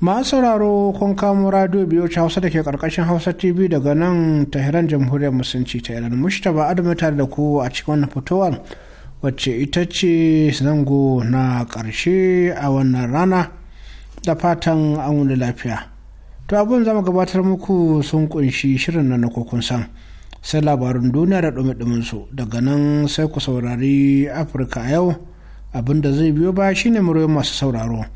masu sauraro kun kamo radio biyu ta hausa da ke karkashin hausa tv daga nan tahiran jamhuriyar musulunci ta iran mushtaba adamu tare da ku a cikin wannan fitowar wacce ita ce zango na karshe a wannan rana da fatan an wuni lafiya to abin zama gabatar muku sun kunshi shirin na na kokun san sai labarin duniya da dumi su daga nan sai ku saurari afirka a yau abin da zai biyo ba shine muryoyin masu sauraro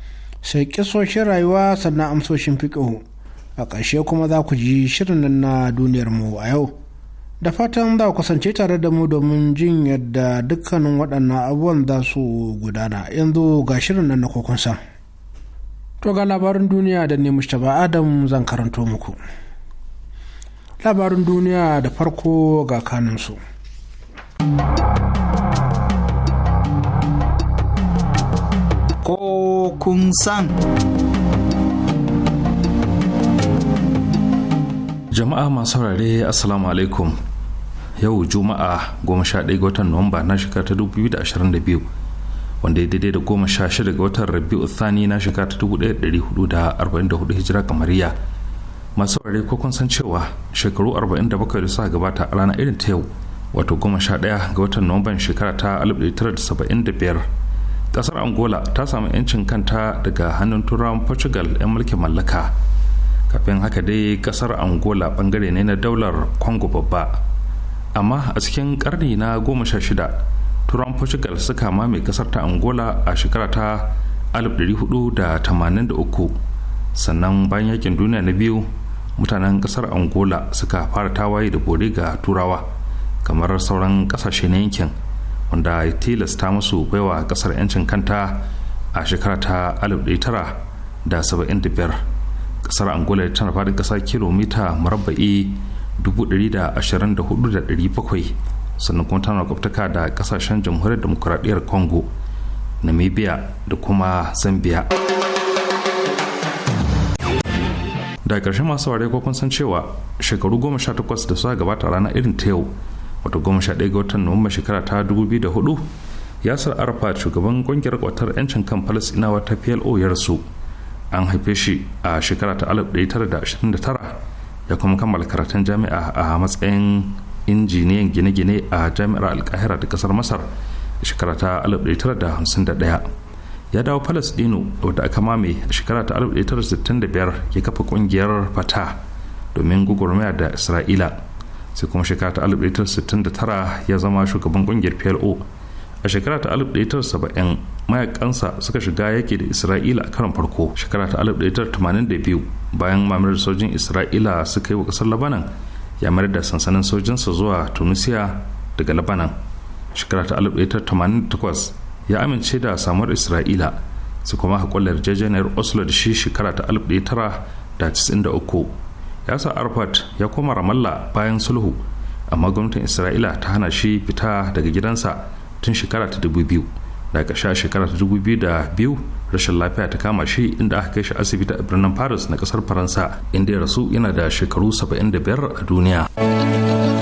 sai kisoshin rayuwa sannan amsoshin fiƙihu a ƙarshe kuma za ku ji shirin nan na duniyar mu a yau da fatan za ku kasance tare da mu domin jin yadda dukkanin waɗannan abubuwan za su gudana yanzu ga shirin nan na kokonsa to ga labarin duniya da ne mustapha adam zan karanto muku labarin duniya da farko ga kanunsu. su ko kun san. Jama'a masu saurare Assalamu alaikum yau Juma'a 11 ga watan Nuwamba na shekara ta 2022 wanda ya daidai da 16 ga watan Rabi'u Thani na shekara ta 1444 hijira kamariya. Masu saurare ko kun san cewa shekaru 47 da suka gabata a ranar irin ta yau wato 11 ga watan Nuwamban shekara ta 1975 kasar angola ta samu 'yancin kanta daga hannun turawan portugal 'yan mulkin mallaka kafin haka dai kasar angola bangare ne na daular congo babba amma a cikin karni na goma sha shida turawan portugal suka mame kasar ta angola a shekara ta 1483 sannan bayan yakin duniya na biyu mutanen kasar angola suka fara tawaye da bore ga turawa kamar sauran kasashe na yankin wanda ya tilasta musu baiwa kasar 'yancin kanta a shekara ta 1975 kasar angola tana faɗin ƙasa kilomita marabba'i 124,700 sannan kuma tana kwaftaka da ƙasashen jamhuriyar demokuraɗiyar congo namibia da kuma zambia da ƙarshen masu ware kun san cewa shekaru 18 da suka gabata rana irin ta yau wato goma sha ɗaya ga watan nuwamba shekara ta dubu biyu da hudu yasir arafat shugaban ƙungiyar kwatar 'yancin kan falasɗinawa ta plo ya rasu an haife shi a shekara ta alif ɗaya tara da ashirin da tara ya kuma kammala karatun jami'a a matsayin injiniyan gine-gine a jami'ar alkahira da kasar masar a shekara ta alif ɗaya tara da da hamsin ɗaya ya dawo palestino wadda aka mame a shekara ta alif ɗaya tara da da sittin biyar ya kafa kungiyar fata domin gugurmaya da isra'ila sai kuma shekara ta 1969 ya zama shugaban kungiyar plo a shekara ta 1970 mayakansa suka shiga yake da isra'ila a karon farko shekara ta 1982 bayan mamarar sojin isra'ila suka yi wa kasar labanan ya mayar da sansanin sojinsa zuwa tunisia daga labanan shekara ta 1988 ya amince da samuwar isra'ila su kuma haƙon yarjejeniyar oslo da shi shekara ta 1993 yasa arfat ya koma ramallah bayan sulhu amma gwamnatin isra'ila ta hana shi fita daga gidansa tun shekara ta dubu biyu daga sha shekara ta dubu biyu da biyu rashin lafiya ta kama shi inda aka kai shi asibiti a birnin paris na kasar faransa inda ya rasu yana da shekaru 75 a duniya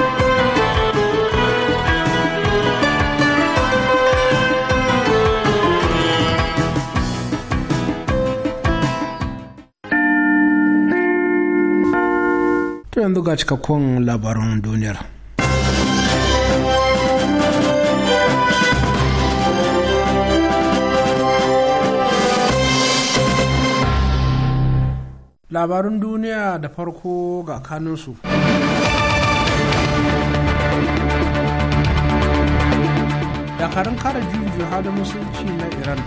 To yanzu ga cikakkun labaran duniyar. labarun duniya da farko ga kanunsu. dakarun kare juyin halin musulci na iran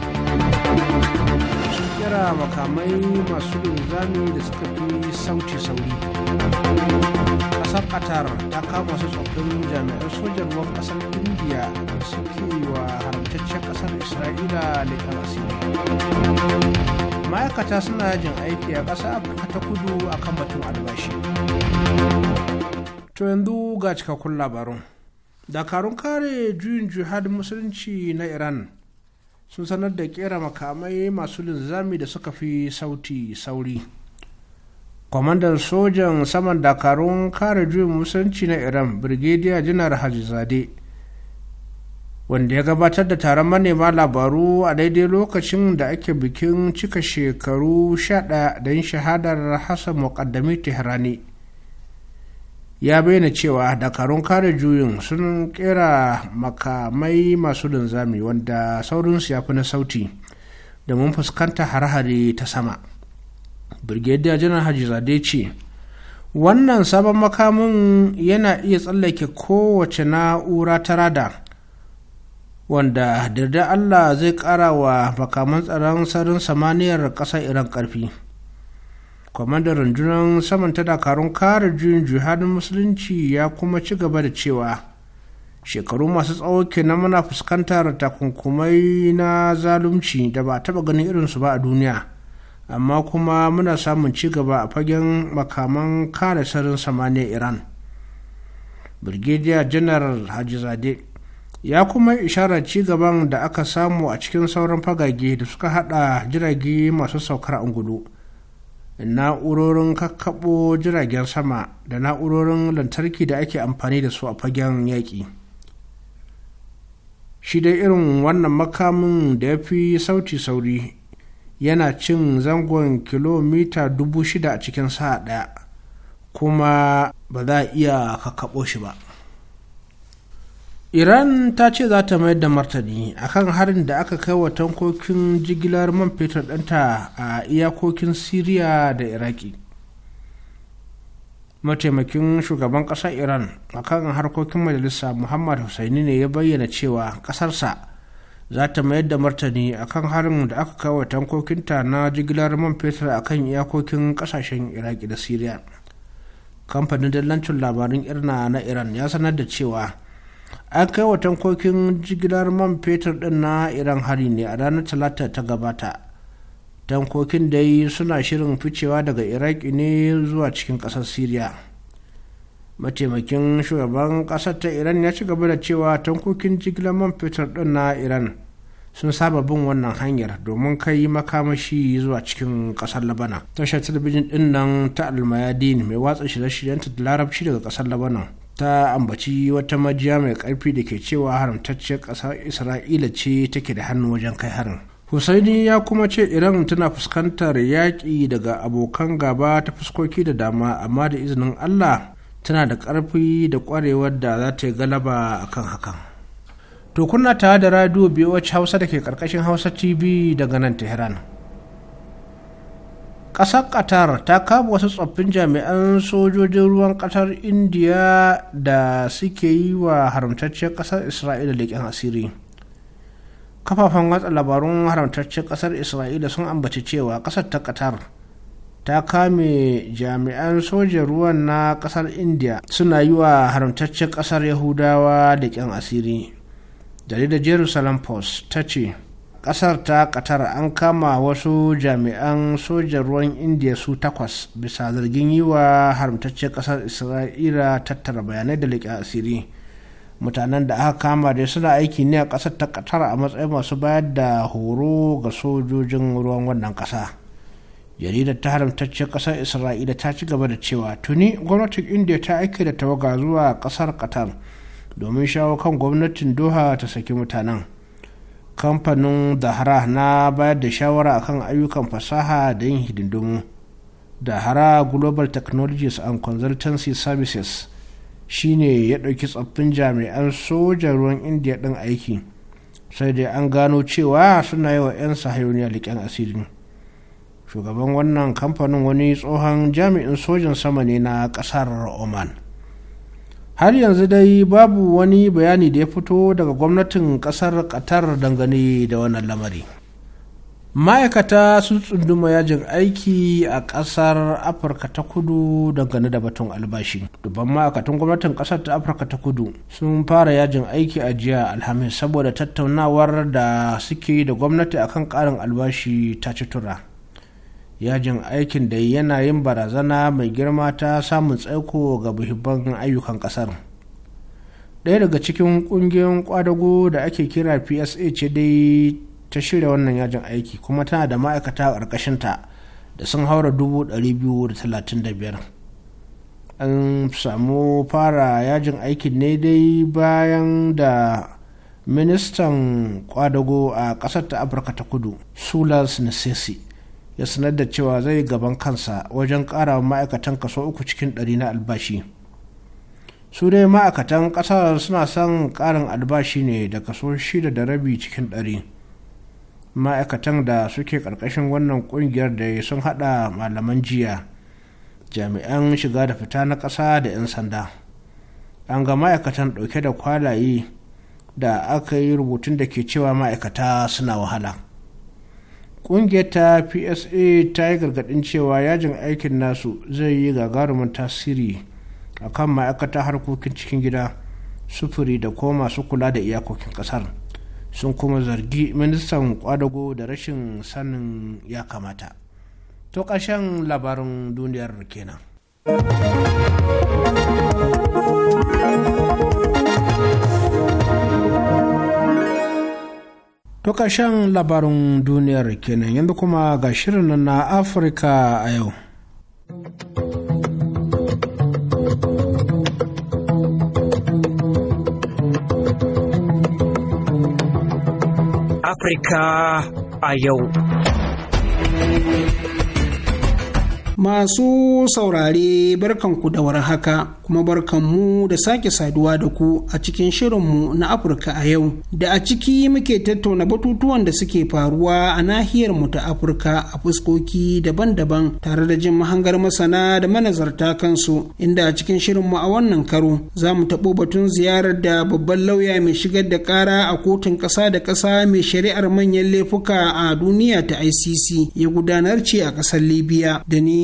sun kira makamai masu linzami da suka fi sauti sauri Ƙasar qatar ta kama su tsoffin jami'an sojan ruwan kasar Indiya da suke wa haramtaccen kasar isra'ila masu asiri ma'aikata suna yajin aiki a ƙasa afirka ta kudu akan batun albashi to yanzu ga cikakkun labarun dakarun kare juyin jihad musulunci na iran sun sanar da kera makamai masu linzami da suka fi sauti sauri kwamandan sojan saman dakarun kare juyin musulunci na iran brigadier janar hajizade wanda ya gabatar da taron manema labaru a daidai lokacin da ake bikin cika shekaru 11 don shahadar hassan muƙaddami tehrani ya bayyana cewa dakarun kare juyin sun kera makamai masu linzami wanda saurinsu ya fi na sauti da mun fuskanta har hari ta sama brigadier janar haji zade ce wannan sabon makamin yana iya tsallake kowace na'ura ta rada wanda da Allah zai kara wa makaman tsaron sararin samaniyar ƙasar iran ƙarfi kwamandan rundunar saman ta dakarun kare juyin jihadin musulunci ya kuma ci gaba da cewa shekaru masu tsawo kenan muna fuskantar takunkumai na zalunci da ba taɓa ganin irinsu ba a duniya amma kuma muna samun ci gaba a fagen makaman kare sarin samaniya iran Janar Haji Zade. ya kuma ishara ci gaban da aka samu a cikin sauran fagage da suka hada jirage masu saukar angulu na'urorin kakkaɓo jiragen sama da na'urorin lantarki da ake amfani da su a fagen yaƙi shi dai irin wannan makamin da ya fi sauti sauri yana cin zangon kilomita dubu shida a cikin sa'a ɗaya kuma ba za a iya kakkaɓo shi ba iran ta ce za ta mayar da martani akan harin da aka kai wa tankokin jigilar man fetur ɗinta a iyakokin siriya da iraki mataimakin shugaban ƙasar iran akan harkokin majalisa muhammad hussaini ne ya bayyana cewa ƙasarsa za ta mayar da martani akan harin da aka kai wa tankokinta na jigilar man fetur a kan iyakokin ƙasashen iraki da siriya kamfanin dallancin labarin irna na iran ya sanar da cewa an kai wa tankokin jigilar man fetur din na iran hari ne a ranar talata ta gabata tankokin dai suna shirin ficewa daga iraki ne zuwa cikin kasar syria mataimakin shugaban kasar ta iran ya ci gaba da cewa tankokin jigilar man fetur din na iran sun saba bin wannan hanyar domin kai makamashi zuwa cikin kasar labana tashar talabijin din nan ta almayadin mai watsa shirye-shiryenta da larabci daga kasar labanan ta ambaci wata majiya mai karfi da ke cewa haramtacciyar ƙasar isra'ila ce take da hannu wajen kai harin Hussaini ya kuma ce iran tana fuskantar yaƙi daga abokan gaba ta fuskoki da dama amma da izinin allah tana da ƙarfi da ƙwarewar da za ta yi galaba a kan hakan to kuna tare da radio biyu wacce hausa da ke ƙarƙashin hausa tv daga nan tehran ƙasar qatar ta kama wasu tsoffin jami'an sojojin ruwan ƙasar indiya da suke yi wa haramtacciyar ƙasar isra'ila leƙen asiri kafafen watsa labarun haramtacciyar ƙasar isra'ila sun ambaci cewa ƙasar ta qatar ta kame jami'an sojin ruwan na ƙasar indiya suna yi wa haramtacciyar ƙasar yahudawa leƙen asiri jaridar jerusalem post ta ce kasar ta katar an kama wasu jami'an sojan ruwan indiya su takwas bisa zargin yi wa haramtacce kasar isra'ila tattara bayanai da leƙa asiri mutanen da aka kama da suna aiki ne a ƙasar ta katar a matsayin masu bayar da horo ga sojojin ruwan wannan ƙasa jaridar ta haramtacce ƙasar isra'ila ta ci gaba da cewa tuni gwamnatin indiya ta aiki da tawaga zuwa ƙasar katar domin shawo kan gwamnatin doha ta saki mutanen kamfanin dahara na bayar da shawara a kan ayyukan fasaha da yin hidindimu dahara global technologies and consultancy services shine ya ɗauki tsoffin jami'an sojan ruwan indiya ɗin aiki sai dai an gano cewa suna yi wa 'yan sahayoniya liƙen asirin shugaban wannan kamfanin wani tsohon jami'in sojan sama ne na ƙasar oman har yanzu dai babu wani bayani da ya fito daga gwamnatin kasar qatar dangane da wannan lamari ma'aikata sun tsunduma yajin aiki a kasar afirka ta kudu dangane da batun albashi dubban ma'aikatan gwamnatin kasar ta afirka ta kudu sun fara yajin aiki a jiya alhamis saboda tattaunawar da suke da gwamnati akan karin albashi ta ci tura yajin aikin da yana yin barazana mai girma ta samun tsaiko ga muhimman ayyukan kasar ɗaya daga cikin ƙungiyoyin kwadago da ake kira psa ce dai ta shirya wannan yajin aiki kuma tana da ma'aikata a ta da sun haura 235 an samu fara yajin aikin ne dai bayan da ministan kwadago a ƙasar ta afirka ta kudu sulas nasesi ya sanar da cewa zai gaban kansa wajen ƙara ma'aikatan kaso uku cikin ɗari na albashi su dai ma'aikatan ƙasar suna son ƙarin albashi ne da kaso shida da rabi cikin ɗari ma'aikatan da suke ƙarƙashin wannan ƙungiyar da ya sun haɗa malaman jiya jami'an shiga da fita na ƙasa da 'yan sanda an ga ma'aikatan ɗauke da kwalaye da aka yi rubutun da ke cewa ma'aikata suna wahala. ƙungiyar ta psa ta yi gargaɗin cewa yajin aikin nasu zai yi gagarumin tasiri a kan ma'aikata harkokin cikin gida sufuri da kuma masu kula da iyakokin ƙasar sun kuma zargi ministan kwadago da rashin sanin ya kamata to ƙarshen labarin duniyar kenan. To ƙarshen labarin duniyar kenan yanzu kuma ga shirin na Afirka a yau. Afirka a yau. Masu saurare barkanku da war haka kuma barkanmu da sake saduwa da ku a cikin shirinmu na Afirka a yau da a ciki muke tattauna batutuwan da suke faruwa a nahiyar mu ta Afirka a fuskoki daban-daban tare da jin mahangar masana da manazarta kansu inda a cikin shirinmu a wannan karo za mu taɓo batun ziyarar da babban lauya mai shigar da ƙara a kotun ƙasa da ƙasa mai shari'ar manyan laifuka a duniya ta ICC ya gudanar ce a ƙasar Libya da ni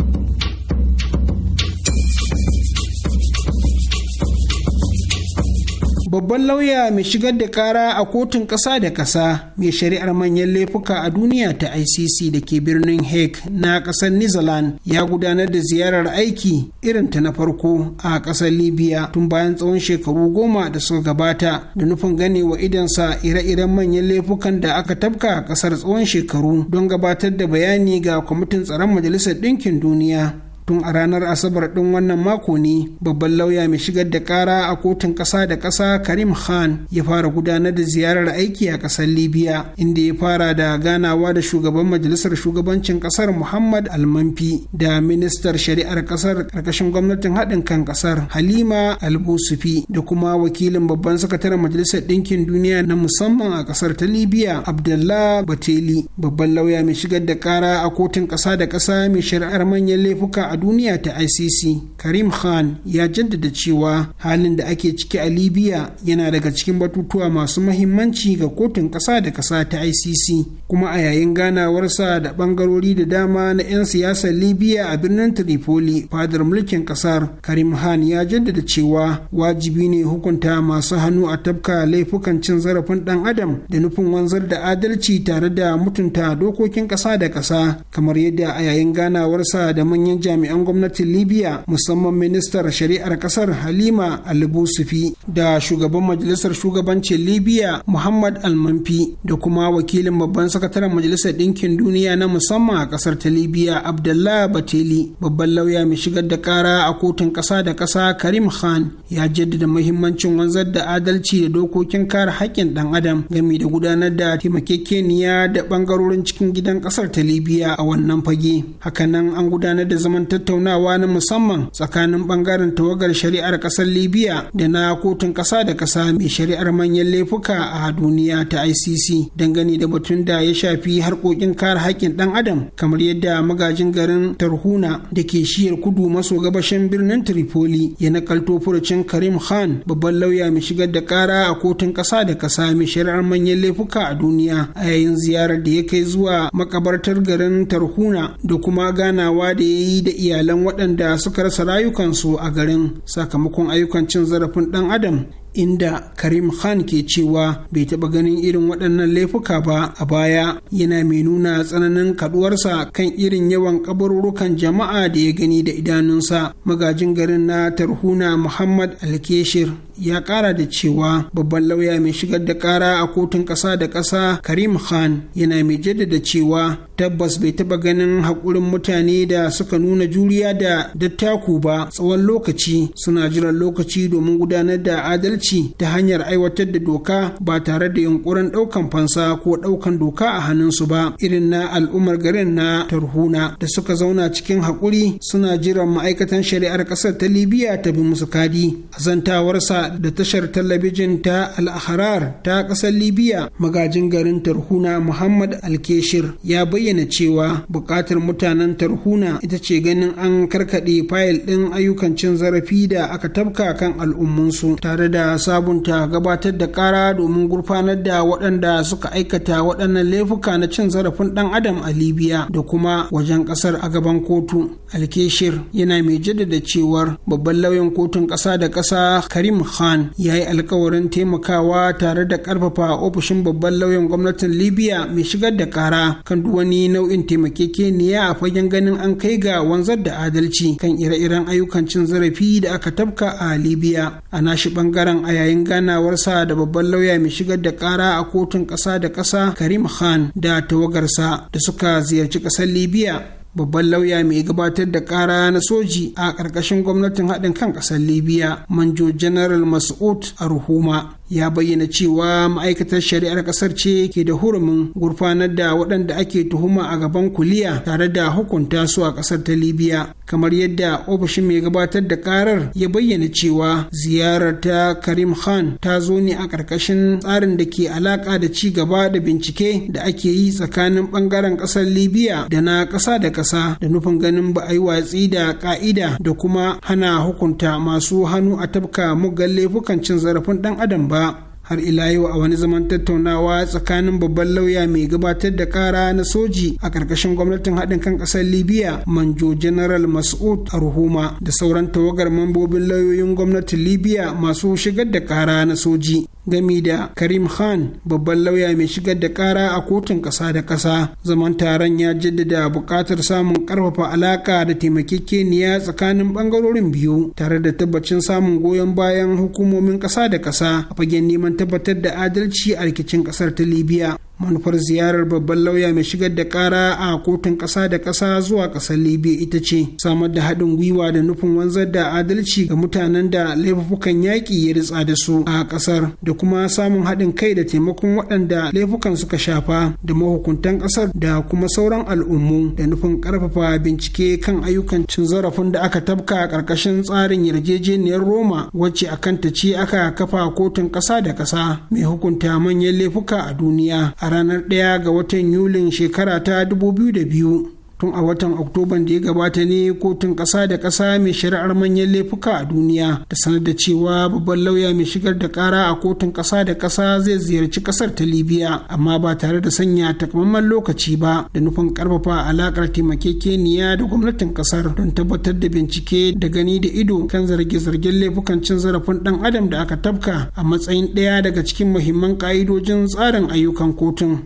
babban lauya mai shigar da kara a kotun ƙasa da ƙasa mai shari'ar manyan laifuka a duniya ta icc da ke birnin hague na ƙasar Netherlands ya gudanar da ziyarar aiki irin ta na farko a ƙasar libya tun bayan tsawon shekaru goma da suka gabata da nufin gane wa idansa ire-iren manyan laifukan da aka tabka a ƙasar tsawon shekaru don gabatar da bayani ga kwamitin tsaron majalisar ɗinkin duniya tun a ranar asabar ɗin wannan mako ne babban lauya mai shigar da ƙara a kotun ƙasa da ƙasa karim khan ya fara gudanar da ziyarar aiki a ƙasar libya inda ya fara da ganawa da shugaban majalisar shugabancin ƙasar muhammad almanfi da ministar shari'ar ƙasar ƙarƙashin gwamnatin haɗin kan ƙasar halima albusufi da kuma wakilin babban sakataren majalisar ɗinkin duniya na musamman a ƙasar ta libya abdullah bateli babban lauya mai shigar da ƙara a kotun ƙasa da ƙasa mai shari'ar manyan laifuka a duniya ta ICC, Karim Khan ya jaddada cewa halin da ake ciki a Libya yana daga cikin batutuwa masu mahimmanci ga kotun ƙasa da ƙasa ta ICC, kuma a yayin ganawarsa da bangarori da dama na 'yan siyasar Libya a birnin Tripoli, fadar mulkin ƙasar, Karim Khan ya jaddada cewa wajibi ne hukunta masu hannu a tabka laifukan cin zarafin ɗan adam da nufin wanzar da adalci tare da mutunta dokokin ƙasa da ƙasa, kamar yadda a yayin ganawarsa da manyan jami'an jami'an gwamnatin libya musamman ministar shari'ar kasar halima alibusufi da shugaban majalisar shugabancin libya muhammad almanfi da kuma wakilin babban sakataren majalisar ɗinkin duniya na musamman a kasar ta libya abdullah bateli babban lauya mai shigar da kara a kotun ƙasa da ƙasa karim khan ya jaddada muhimmancin wanzar da adalci da dokokin kare haƙƙin ɗan adam gami da gudanar da taimakekeniya da ɓangarorin cikin gidan ƙasar ta libya a wannan fage hakanan an gudanar da zaman tattaunawa na musamman tsakanin bangaren tawagar shari'ar ƙasar libya da na kotun ƙasa da kasa mai shari'ar manyan laifuka a duniya ta icc dangane da batun da ya shafi harkokin kare haƙƙin ɗan adam kamar yadda magajin garin tarhuna da ke shiyar kudu maso gabashin birnin tripoli ya nakalto furucin karim khan babban lauya mai shigar da ƙara a kotun ƙasa da ƙasa mai shari'ar manyan laifuka a duniya a yayin ziyarar da ya kai zuwa makabartar garin tarhuna da kuma ganawa da ya yi da iyalan waɗanda suka rasa rayukansu a garin sakamakon ayyukan cin zarafin ɗan adam inda Karim Khan ke cewa bai taɓa ganin irin waɗannan laifuka ba a baya yana mai nuna tsananin kaduwarsa kan irin yawan kabarurukan jama'a da ya gani da idanunsa magajin garin na Tarhuna Muhammad Alkeshir ya kara da cewa babban lauya mai shigar da kara a kotun ƙasa da ƙasa karim khan yana mai jaddada cewa tabbas bai taɓa ganin haƙurin mutane da suka nuna juriya da dattaku ba tsawon lokaci suna jiran lokaci domin gudanar da adalci ta hanyar aiwatar da doka ba tare da yunkurin ɗaukan fansa ko ɗaukan doka a hannunsu ba irin na al'ummar garin na tarhuna da suka zauna cikin haƙuri suna jiran ma'aikatan shari'ar ƙasar ta libiya ta bi musu kadi a zantawarsa da tashar talabijin ta al-ahrar ta ƙasar libiya magajin garin tarhuna muhammad alkeshir ya bayyana cewa bukatar mutanen tarhuna ita ce ganin an karkaɗe fayil ɗin ayyukan cin zarafi da aka tabka kan al'ummansu. tare da sabunta gabatar da ƙara domin gurfanar da waɗanda suka aikata waɗannan laifuka na cin zarafin ɗan adam a libiya da kuma wajen ƙasar a gaban kotu alkeshir yana mai jaddada cewar babban lauyan kotun ƙasa da ƙasa karim khan ya yi alkawarin taimakawa tare da karfafa ofishin babban lauyan gwamnatin libya mai shigar da kara kan duk wani nau'in taimakekeniya a fagen ganin an kai ga wanzar da adalci kan ire-iren ayyukan cin zarafi da aka tafka a libya a nashi bangaren a yayin ganawarsa da babban lauya mai shigar da kara a kotun kasa da kasa karim khan da tawagarsa da suka ziyarci ƙasar libya babban lauya mai gabatar da kara na soji a ƙarƙashin gwamnatin haɗin kan ƙasar libya manjo general mas'ud a ruhuma ya bayyana cewa ma'aikatar shari'ar kasar ce ke da hurumin gurfanar da waɗanda ake tuhuma a gaban kuliya tare da hukunta su a kasar ta libya kamar yadda ofishin mai gabatar da karar ya bayyana cewa ziyarar ta karim khan ta zo ne a ƙarƙashin tsarin da ke alaƙa da ci gaba da bincike da ake yi tsakanin ɓangaren ƙasar libya da na ƙasa da ƙasa da nufin ganin ba a yi watsi da ƙa'ida da kuma hana hukunta masu hannu a tafka muggan laifukan cin zarafin ɗan adam ba har ila yau a wani zaman tattaunawa tsakanin babban lauya mai gabatar da kara na soji a ƙarƙashin gwamnatin haɗin kan ƙasar libya manjo general mas'ud arhuma da sauran tawagar mambobin lauyoyin gwamnatin libya masu shigar da kara na soji gami da karim khan babban lauya mai shigar da kara a kotun ƙasa da ƙasa zaman taron ya jaddada buƙatar samun ƙarfafa alaƙa da taimakekeniya tsakanin ɓangarorin biyu tare da tabbacin samun goyon bayan hukumomin ƙasa da ƙasa a fagen neman tabbatar da adalci a rikicin ƙasar ta libya manufar ziyarar babban lauya mai shigar da kara a kotun ƙasa da ƙasa zuwa ƙasar libya ita ce samar da haɗin gwiwa da nufin wanzar da adalci ga mutanen da laifukan yaƙi ya ritsa da su a ƙasar da kuma samun haɗin kai da taimakon waɗanda laifukan suka shafa da mahukuntan ƙasar da kuma sauran al'ummu da nufin ƙarfafa bincike kan ayyukan cin zarafin da aka tabka a ƙarƙashin tsarin yarjejeniyar roma wacce a kanta ce aka kafa kotun ƙasa da ƙasa mai hukunta manyan laifuka a duniya ranar 1 ga watan yulin shekara ta 2002 tun a watan oktoban da ya gabata ne kotun ƙasa da ƙasa mai shari'ar manyan laifuka a duniya da sanar da cewa babban lauya mai shigar da kara a kotun ƙasa da ƙasa zai ziyarci ƙasar ta libiya amma ba tare da sanya takamaiman lokaci ba da nufin ƙarfafa alaƙar taimakekeniya da gwamnatin ƙasar don tabbatar da bincike da gani da ido kan zarge-zargen laifukan cin zarafin ɗan adam da aka tabka a matsayin ɗaya daga cikin muhimman ƙa'idojin tsarin ayyukan kotun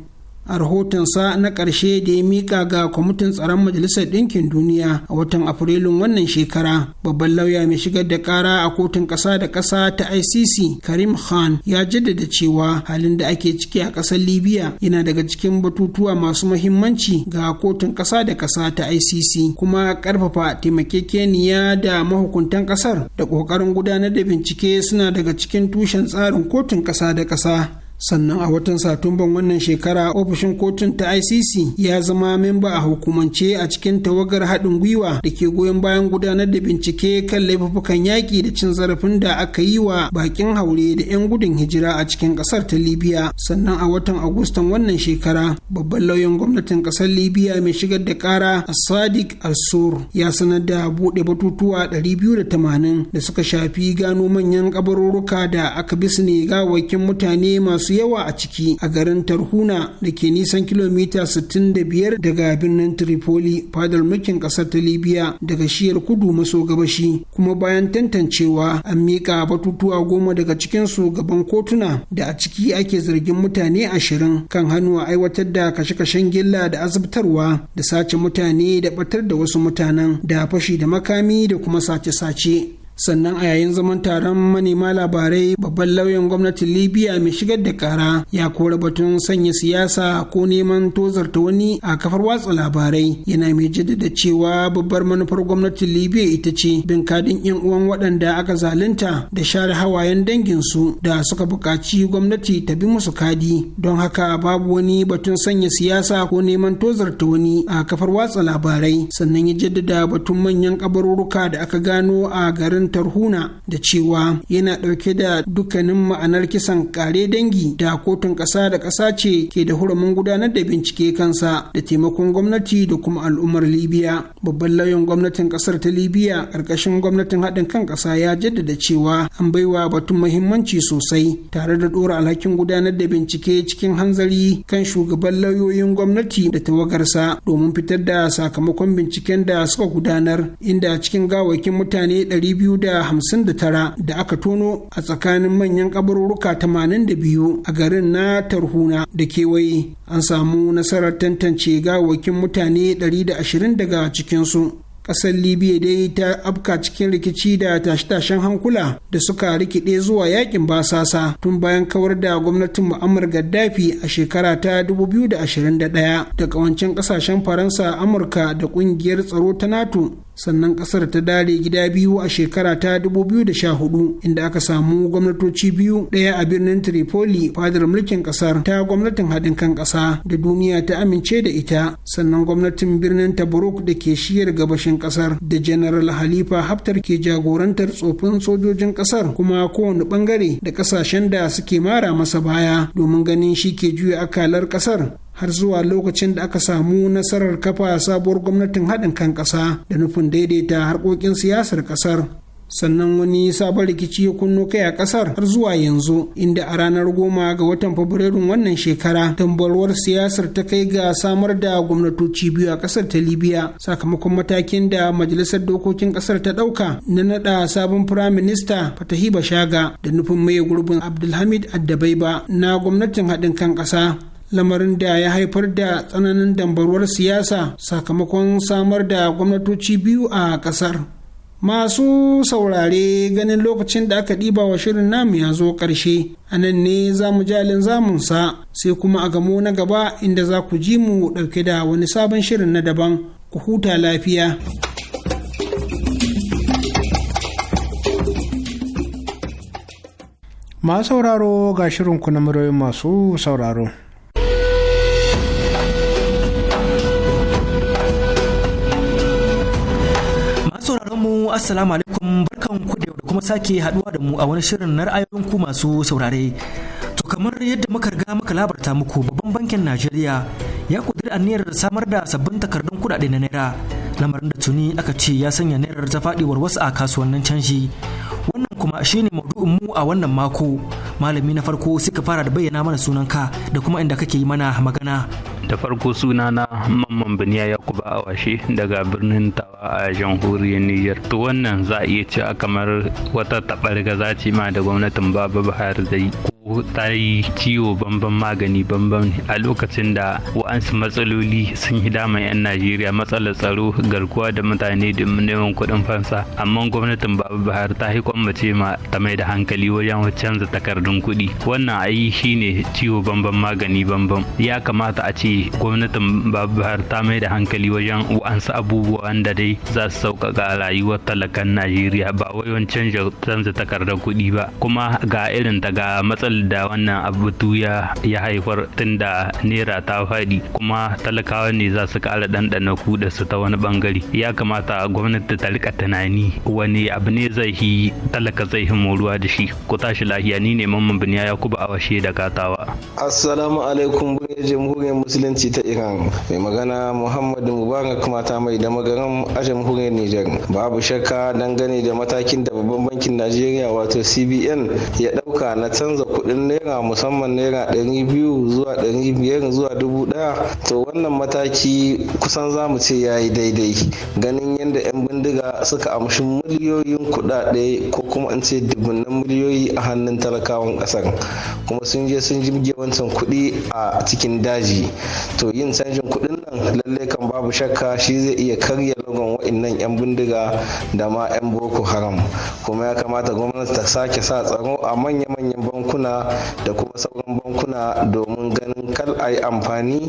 a rahotonsa na ƙarshe da ya mika ga kwamitin tsaron majalisar ɗinkin duniya a watan afrilun wannan shekara babban lauya mai shigar da ƙara a kotun ƙasa da ƙasa ta icc karim khan ya jaddada cewa halin da ake ciki a ƙasar libya yana daga cikin batutuwa masu muhimmanci ga kotun ƙasa da ƙasa ta icc kuma ƙarfafa taimakekeniya da mahukuntan ƙasar da ƙoƙarin gudanar da bincike suna daga cikin tushen tsarin kotun ƙasa da ƙasa sannan a watan satumban wannan shekara ofishin kotun ta icc ya zama memba a hukumance a cikin tawagar haɗin gwiwa da ke goyon bayan gudanar da bincike kan laifukan yaƙi da cin zarafin da aka yi wa bakin haure da 'yan gudun hijira a cikin ƙasar ta libya sannan a watan agustan wannan shekara babban lauyan gwamnatin ƙasar libya mai shigar da ƙara sadiq al-sur ya sanar da buɗe batutuwa 280 da suka shafi gano manyan kabarurruka da aka bisne gawakin mutane masu masu yawa a ciki a garin tarhuna da ke nisan kilomita 65 daga birnin tripoli fadar mulkin kasar ta libya daga shiyar kudu maso gabashi kuma bayan tantancewa an miƙa batutuwa goma daga cikinsu gaban kotuna da a ciki ake zargin mutane ashirin kan hannu a aiwatar da kashe-kashen gilla da azabtarwa da sace mutane da batar da wasu mutanen da fashi da makami da kuma sace-sace sannan a yayin zaman taron manema labarai babban lauyan gwamnatin libya mai shigar da kara ya kora batun sanya siyasa ko neman tozarta wani a kafar watsa labarai yana mai jaddada cewa babbar manufar gwamnatin libya ita ce bin kadin yan uwan waɗanda aka zalunta da share hawayen danginsu da suka buƙaci gwamnati ta bi musu kadi don haka babu wani batun sanya siyasa ko neman tozarta wani a kafar watsa labarai sannan ya jaddada batun manyan kabaruruka da aka gano a garin kiran tarhuna da cewa yana ɗauke da dukkanin ma'anar kisan kare dangi da kotun ƙasa da ƙasa ce ke da hurumin gudanar da bincike kansa da taimakon gwamnati da kuma al'ummar libya babban lauyan gwamnatin ƙasar ta libya ƙarƙashin gwamnatin haɗin kan ƙasa ya jaddada cewa an baiwa batun muhimmanci sosai tare da ɗora alhakin gudanar da bincike cikin hanzari kan shugaban lauyoyin gwamnati da tawagarsa domin fitar da sakamakon binciken da suka gudanar inda cikin gawakin mutane 200 hamsin da aka tono a tsakanin manyan kabarurruka 82 a garin na tarhuna da kewaye an samu nasarar tantance gawakin mutane 120 daga cikinsu ƙasar libya dai ta afka cikin rikici da tashe-tashen hankula da suka rikide zuwa yakin basasa tun bayan kawar da gwamnatin mu'ammar gaddafi a shekara ta 2021 da kawancin ƙasashen faransa amurka da ƙungiyar tsaro ta nato sannan kasar ta dare gida biyu a shekara ta 2014 inda aka samu gwamnatoci biyu daya a birnin tripoli fadar mulkin kasar ta gwamnatin haɗin kan ƙasa da duniya ta amince da ita sannan gwamnatin birnin tabaruk da ke shiyar gabashin kasar da general halifa haftar ke jagorantar tsofin sojojin kasar kuma kowane bangare da ƙasashen da suke mara masa baya domin ganin shi ke juya akalar kasar har zuwa lokacin da aka samu nasarar kafa sabuwar gwamnatin haɗin kan ƙasa da nufin daidaita harkokin siyasar ƙasar sannan wani sabon rikici ya kunno kai a ƙasar har zuwa yanzu inda a ranar goma ga watan fabrairun wannan shekara tambarwar siyasar ta kai ga samar da gwamnatoci biyu a ƙasar ta libya sakamakon matakin da majalisar dokokin ƙasar ta ɗauka na nada sabon firaminista fatahi shaga da nufin maye gurbin abdulhamid addabaiba na gwamnatin haɗin kan ƙasa lamarin da ya haifar da tsananin dambarwar siyasa sakamakon samar da gwamnatoci biyu a kasar masu saurare ganin lokacin da aka ɗiba wa shirin namu ya zo ƙarshe a nan ne za mu jalin zamunsa sai kuma a gamo na gaba inda za ku ji mu ɗauke da wani sabon shirin na daban ku huta lafiya masu sauraro ga shirin na masu sauraro assalamu alaikum barkan ku da kuma sake haduwa da mu a wani shirin na ra'ayoyin ku masu saurare. To kamar yadda muka ga muka labarta muku babban bankin Najeriya ya kudir aniyar samar da sabbin takardun kudade na naira lamarin da tuni aka ce ya sanya nairar ta faɗiwar wasu a kasuwannin canji. Wannan kuma shine maudu'in mu a wannan mako. Malami na farko suka fara da bayyana mana sunanka da kuma inda kake yi mana magana. da farko suna na mamman biniya a washe daga birnin tawa a jamhuriyar niger to wannan za a iya cewa kamar wata taɓar gaza ce ma da gwamnatin baba buhari da ko ta yi ciwo bamban magani bamban a lokacin da wa'ansu matsaloli sun yi dama 'yan najeriya matsalar tsaro garkuwa da mutane da neman kuɗin fansa amma gwamnatin babu bahar ta yi kwambace ma ta mai da hankali wajen canza takardun kuɗi wannan ayi shine ciwo bamban magani bamban ya kamata a ce gwamnatin babu bahar ta mai da hankali wajen wa'ansu abubuwan da dai za su sauƙaƙa rayuwar talakan najeriya ba wai wancan canza takardar kuɗi ba kuma ga irin ta ga matsalar wahalar da wannan abutu ya ya haifar tun da naira ta faɗi kuma talakawa ne za su ƙara ɗanɗana kuɗa su ta wani ɓangare ya kamata gwamnati ta rika tunani wani abu ne zai yi talaka zai yi moruwa da shi ku tashi lahiya ni ne mamman biniya ya kuba washe da katawa assalamu alaikum bune jamhuriyar musulunci ta iran mai magana muhammadu mubarak mata mai da magaran a jamhuriyar niger babu shakka dangane da matakin da babban bankin najeriya wato cbn ya ɗauka na canza kuɗi kuɗin naira musamman naira ɗari biyu zuwa ɗari biyar zuwa dubu ɗaya to wannan mataki kusan za mu ce ya yi daidai ganin yadda 'yan bindiga suka amshi miliyoyin kuɗaɗe ko kuma in ce dubunnan miliyoyi a hannun talakawan ƙasar kuma sun je sun jirge wancan kuɗi a cikin daji to yin canjin kuɗin nan lalle kan babu shakka shi zai iya karya lagon wa'annan 'yan bindiga da ma 'yan boko haram kuma ya kamata gwamnati ta sake sa tsaro a manya-manyan bankuna da kuma sauran bankuna domin ganin kar a yi amfani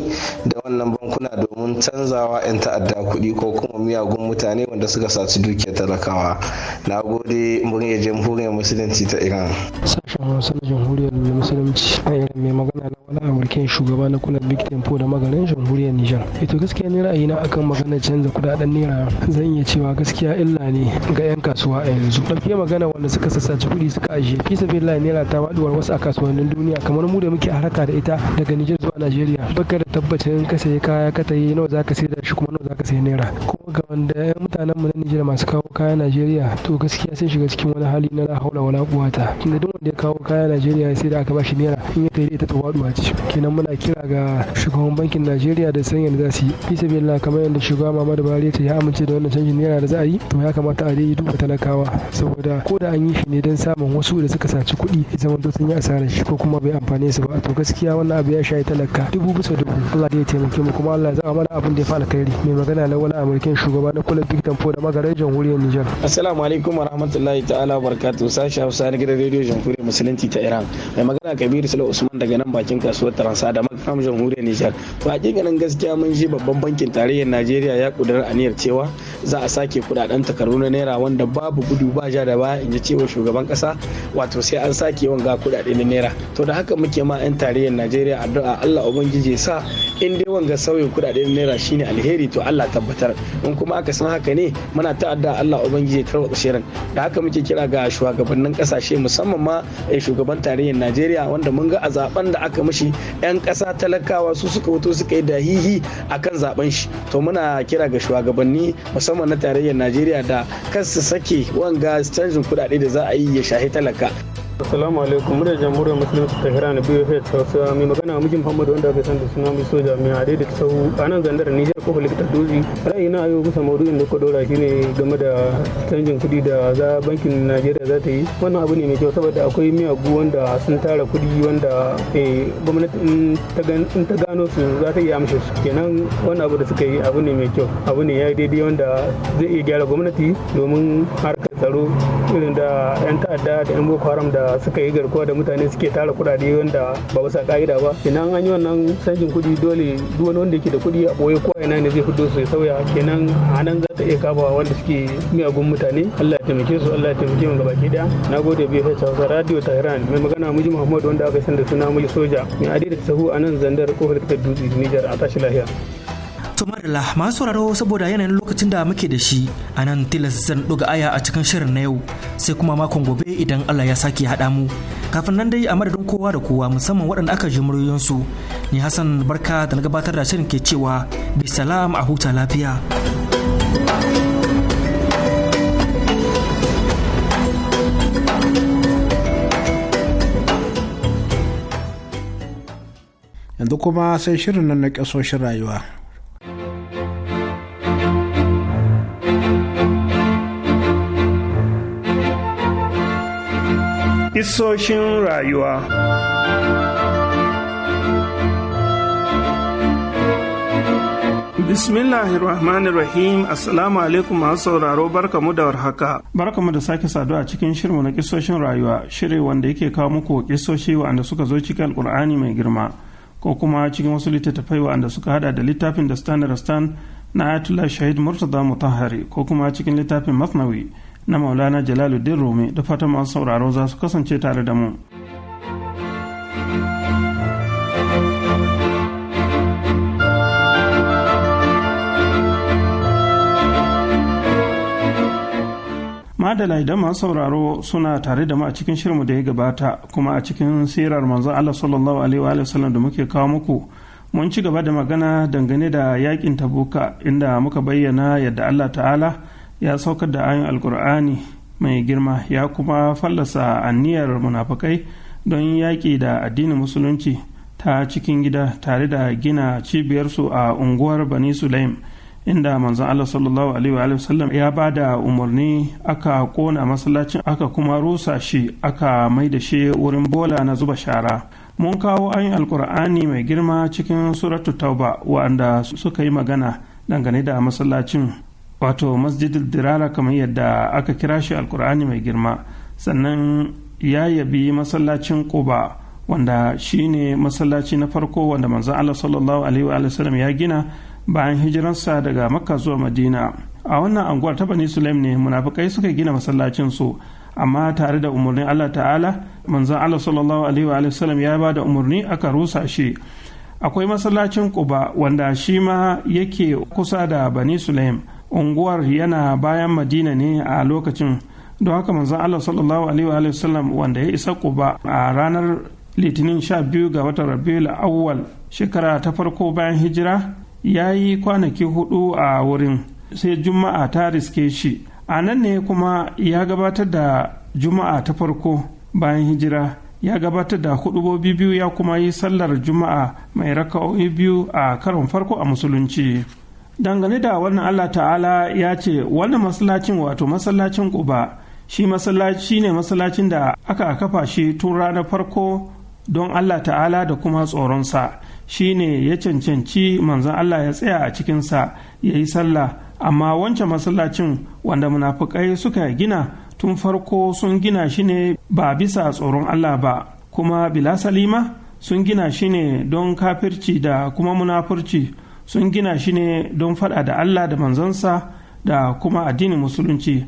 da wannan bankuna domin canzawa 'yan ta'adda kuɗi ko kuma miyagun mutane wanda suka saci dukiyar talakawa na gode murya jamhuriyar musulunci ta iran sashen hausa na jamhuriyar musulunci a iran mai magana na wani amurkin shugaba na kula big tempo da maganin jamhuriyar nijar ito eh gaskiya ne na akan maganar canza kudaden naira zan iya cewa gaskiya illa ne ga 'yan kasuwa a yanzu ɗauke magana wanda suka sassaci kuɗi suka ajiye fi sabi naira ta faduwar wasu a kasuwannin duniya kamar mu da muke haraka da ita daga nijar ne zuwa Najeriya baka da tabbacin ka sayi kaya ka tayi nawa zaka sayar da shi kuma nawa zaka sayi naira kuma ga wanda mutanen mu na Nijar masu kawo kaya Najeriya to gaskiya sun shiga cikin wani hali na haula wala kuwata da duk wanda ya kawo kaya Najeriya sai da aka bashi naira in ya tayi ita a ce kenan muna kira ga shugaban bankin Najeriya da san yanda za su yi bisa billah kamar yanda shugaba Muhammadu Buhari ya amince da wannan canjin naira da za a yi to ya kamata a dai duba talakawa saboda ko da an yi shi ne don samun wasu da suka saci kuɗi zaman to sun yi asarar shi ko kuma bai amfane su ba to gaskiya wannan abu ya shaye talaka dubu bisa dubu Allah ya taimake mu kuma Allah ya zama mana abin da ya fa alkhairi mai magana na wani amurkin shugaba na kula big tempo da magarai jamhuriyar Nijar assalamu alaikum warahmatullahi ta'ala barkatu sashi Hausa na gidan rediyo jamhuriyar musulunci ta Iran mai magana Kabiru Sule Usman daga nan bakin kasuwar Taransa da Makam jamhuriyar Nijar to ganin gaskiya mun ji babban bankin tarayyar Najeriya ya kudurar aniyar cewa za a sake kudaden takardu na naira wanda babu gudu ba ja da baya in ji cewa shugaban kasa wato sai an sake yawan ga kudade na naira to da haka muke ma 'yan tarayyar Najeriya addu'a Allah ubangiji sa in dai wanga sauyin kudaden naira shine alheri to Allah tabbatar in kuma aka san haka ne muna ta'adda Allah ubangiji ya tarwatsa shirin da haka muke kira ga shugabannin kasashe musamman ma eh, shugaban tarayyar Najeriya wanda mun ga a zaben da aka mishi yan kasa talakawa su suka wuto suka yi dahihi akan zaben shi to muna kira ga shugabanni musamman na tarayyar Najeriya da kar su sake wanga canjin kudade da za a yi ya shahi talaka Assalamu alaikum muryar jamhuriyar musulunci ta na biyu fiye tausa mai magana mijin Muhammadu wanda aka san da suna mai soja mai hade da tsawo a nan zandar Nijar ko likita dozi ra'ayi na yau bisa maudu'in da ka dora ne game da canjin kuɗi da za bankin Najeriya za ta yi wannan abu ne mai kyau saboda akwai miyagu wanda sun tara kuɗi wanda eh, gwamnati in ta gano su za ta iya amshe su kenan wannan abu da suka yi abu ne mai kyau abu ne ya daidai wanda zai iya gyara gwamnati domin har tsaro irin da 'yan ta'adda da 'yan boko haram da suka yi garkuwa da mutane suke tara kudade wanda ba bisa ka'ida ba kenan an yi wannan canjin kuɗi dole duk wani wanda yake da kuɗi a ɓoye ko ina ne zai fito su sauya kenan a nan za ta iya kaba wanda suke miyagun mutane Allah ya taimake su Allah ya taimake mu gabaki daya na gode biyu ta hausa radio tehran mai magana muji muhammad wanda aka san da suna miji soja mai adida sahu a nan zandar kofar ta dutse nijar a tashi lahiya. To madalla masu sauraro saboda yanayin lokacin da muke da shi a nan tilas zan ɗuga aya a cikin shirin na yau sai kuma makon gobe idan Allah ya sake haɗa mu. Kafin nan dai a madadin kowa da kowa musamman waɗanda aka ji muryoyinsu ni Hassan barka da na gabatar da shirin ke cewa salam a huta lafiya. yanzu kuma sai shirin nan na ƙasoshin rayuwa. Isoshin rayuwa Bismillahir Rahmanir Rahim Assalamu alaikum masu sauraro barkamu da warhaka. Barkamu da sake saduwa a cikin shirmu na kisoshin rayuwa, shiri wanda yake kawo muku kisoshi wanda suka zo cikin Alkur'ani mai girma ko kuma cikin wasu littattafai wanda suka hada da littafin da stand na Ayatollah Shahid Murtaza Mutahari ko kuma cikin littafin Masnawi na maulana jalaluddin rumi da fatan masu sauraro za su kasance tare da mu madala idan masu sauraro suna tare da mu a cikin shirmu da ya gabata kuma a cikin sirar manzon Allah sallallahu alaihi wa sallam da muke kawo muku mun ci gaba da magana dangane da yakin tabuka inda muka bayyana yadda Allah ta'ala ya saukar da ayin alkur'ani mai girma ya kuma fallasa aniyar munafakai don yaƙi da addinin musulunci ta cikin gida tare da gina cibiyarsu a unguwar bani sulaim inda manzon allah sallallahu alaihi wa sallam ya ba da umarni aka kona masallacin aka kuma rusa shi aka mai da shi wurin bola na zuba shara mun kawo ayin alkur'ani mai girma cikin suratu tauba wa'anda suka yi magana dangane da masallacin wato masjidul dirara kamar yadda aka kira shi alkur'ani mai girma sannan ya yabi masallacin quba wanda shine masallaci na farko wanda manzan Allah sallallahu alaihi wa sallam ya gina bayan hijiransa daga makka zuwa madina a wannan anguwar ta bani sulaim ne munafikai suka gina masallacin su amma tare da umarnin Allah ta'ala manzan Allah sallallahu alaihi wa sallam ya ba da umarni aka rusa shi akwai masallacin quba wanda shi ma yake kusa da bani sulaim unguwar yana bayan madina ne a lokacin don haka manzan allah sallallahu alaihi sallam wanda ya isa kuba a ranar litinin sha biyu ga watan rabiul awwal shekara ta farko bayan hijira ya yi kwanaki hudu a wurin sai juma'a ta riske shi a nan ne kuma ya gabatar da juma'a ta farko bayan hijira ya gabatar da hudubobi biyu ya kuma yi sallar juma'a mai raka'o'i biyu a karon farko a musulunci dangane da wannan allah ta'ala ya ce wannan masallacin wato masallacin ƙuba shi masallaci ne masallacin da aka kafa shi tun ranar farko don allah ta'ala da kuma tsoronsa shi ne ya cancanci manzan allah ya tsaya a cikinsa ya yi sallah amma wancan masallacin wanda munafukai suka gina tun farko sun gina shi ne ba bisa tsoron allah ba kuma bila salima sun gina shi ne don kafirci da kuma munafurci sun gina shi ne don faɗa da Allah da manzansa da kuma addinin musulunci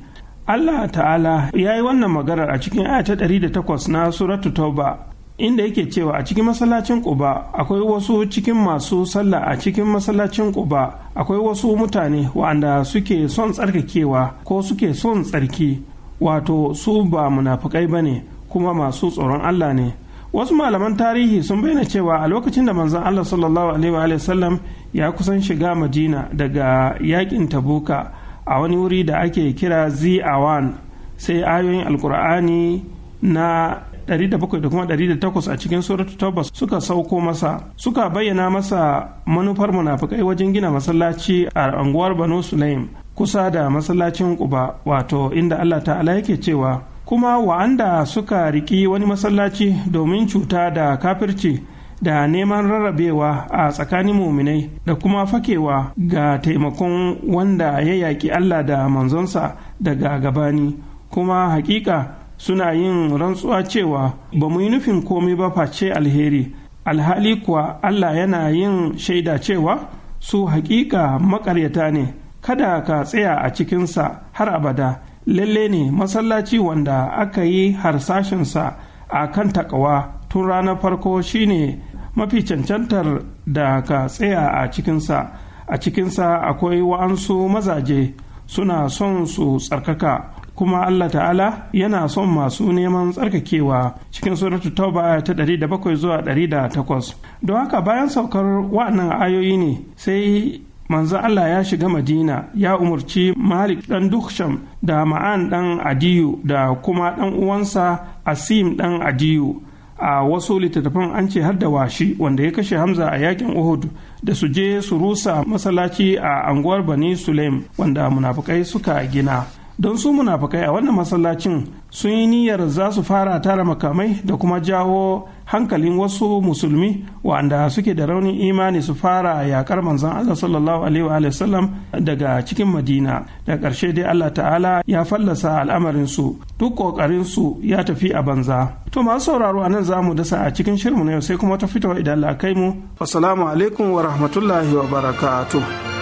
Allah ta'ala ya yi wannan maganar a cikin ɗari ta 108 na suratu tauba inda yake cewa a cikin masallacin ƙuba akwai wasu cikin masu sallah a cikin masallacin ƙuba akwai wasu mutane waɗanda suke son tsarkakewa ko suke son tsarki wato su ba munafukai ba ne kuma masu tsoron Allah ne wasu malaman tarihi sun bayyana cewa a lokacin da manzon Allah sallallahu alaihi wa sallam ya kusan shiga madina daga yakin tabuka a wani wuri da ake kira zi'awan sai ayoyin alkur'ani na 708 a cikin suratu tabbas suka sauko masa suka bayyana masa manufar munafukai wajen gina masallaci a anguwar banu sulaim kusa da masallacin kuba wato inda allah ta'ala yake cewa kuma wa'anda suka riki wani masallaci domin cuta da kafirci da neman rarrabewa a tsakanin muminai da kuma fakewa ga taimakon wanda ya yaƙi Allah da manzonsa daga gabani kuma hakika suna yin rantsuwa cewa ba mu yi nufin komai ba face alheri alhali kuwa Allah yana yin shaida cewa su hakika makaryata ne kada ka tsaya a cikinsa har abada lalle ne masallaci wanda aka yi harsashinsa a kan takawa tun ranar farko shine mafi cancantar da ka tsaya a cikinsa a cikinsa akwai wa'ansu mazaje suna son su tsarkaka kuma Allah ta'ala yana son masu neman tsarkakewa cikin suratu tauba ta da bakwai zuwa 108 don haka bayan saukar wa'annan ayoyi ne sai manzo Allah ya shiga Madina ya umarci Malik dan Duksham da Ma'an dan Adiyu da kuma dan uwansa Asim dan Adiyu a wasu littattafan an ce har da washi wanda ya kashe hamza a yakin uhud da su je su rusa masalaci a anguwar bani sulaim wanda munafukai suka gina don su munafukai a wannan masallacin sun yi niyyar za su fara tara makamai da kuma jawo hankalin wasu musulmi wa'anda suke da raunin imani su fara yakar manzon Allah sallallahu alaihi wa sallam daga cikin Madina da ƙarshe dai Allah ta'ala ya fallasa al'amarin su duk ƙoƙarinsu su ya tafi a banza to masu sauraro anan zamu dasa a cikin shirmu na yau sai kuma ta fito idan Allah kai mu assalamu alaikum wa rahmatullahi wa barakatuh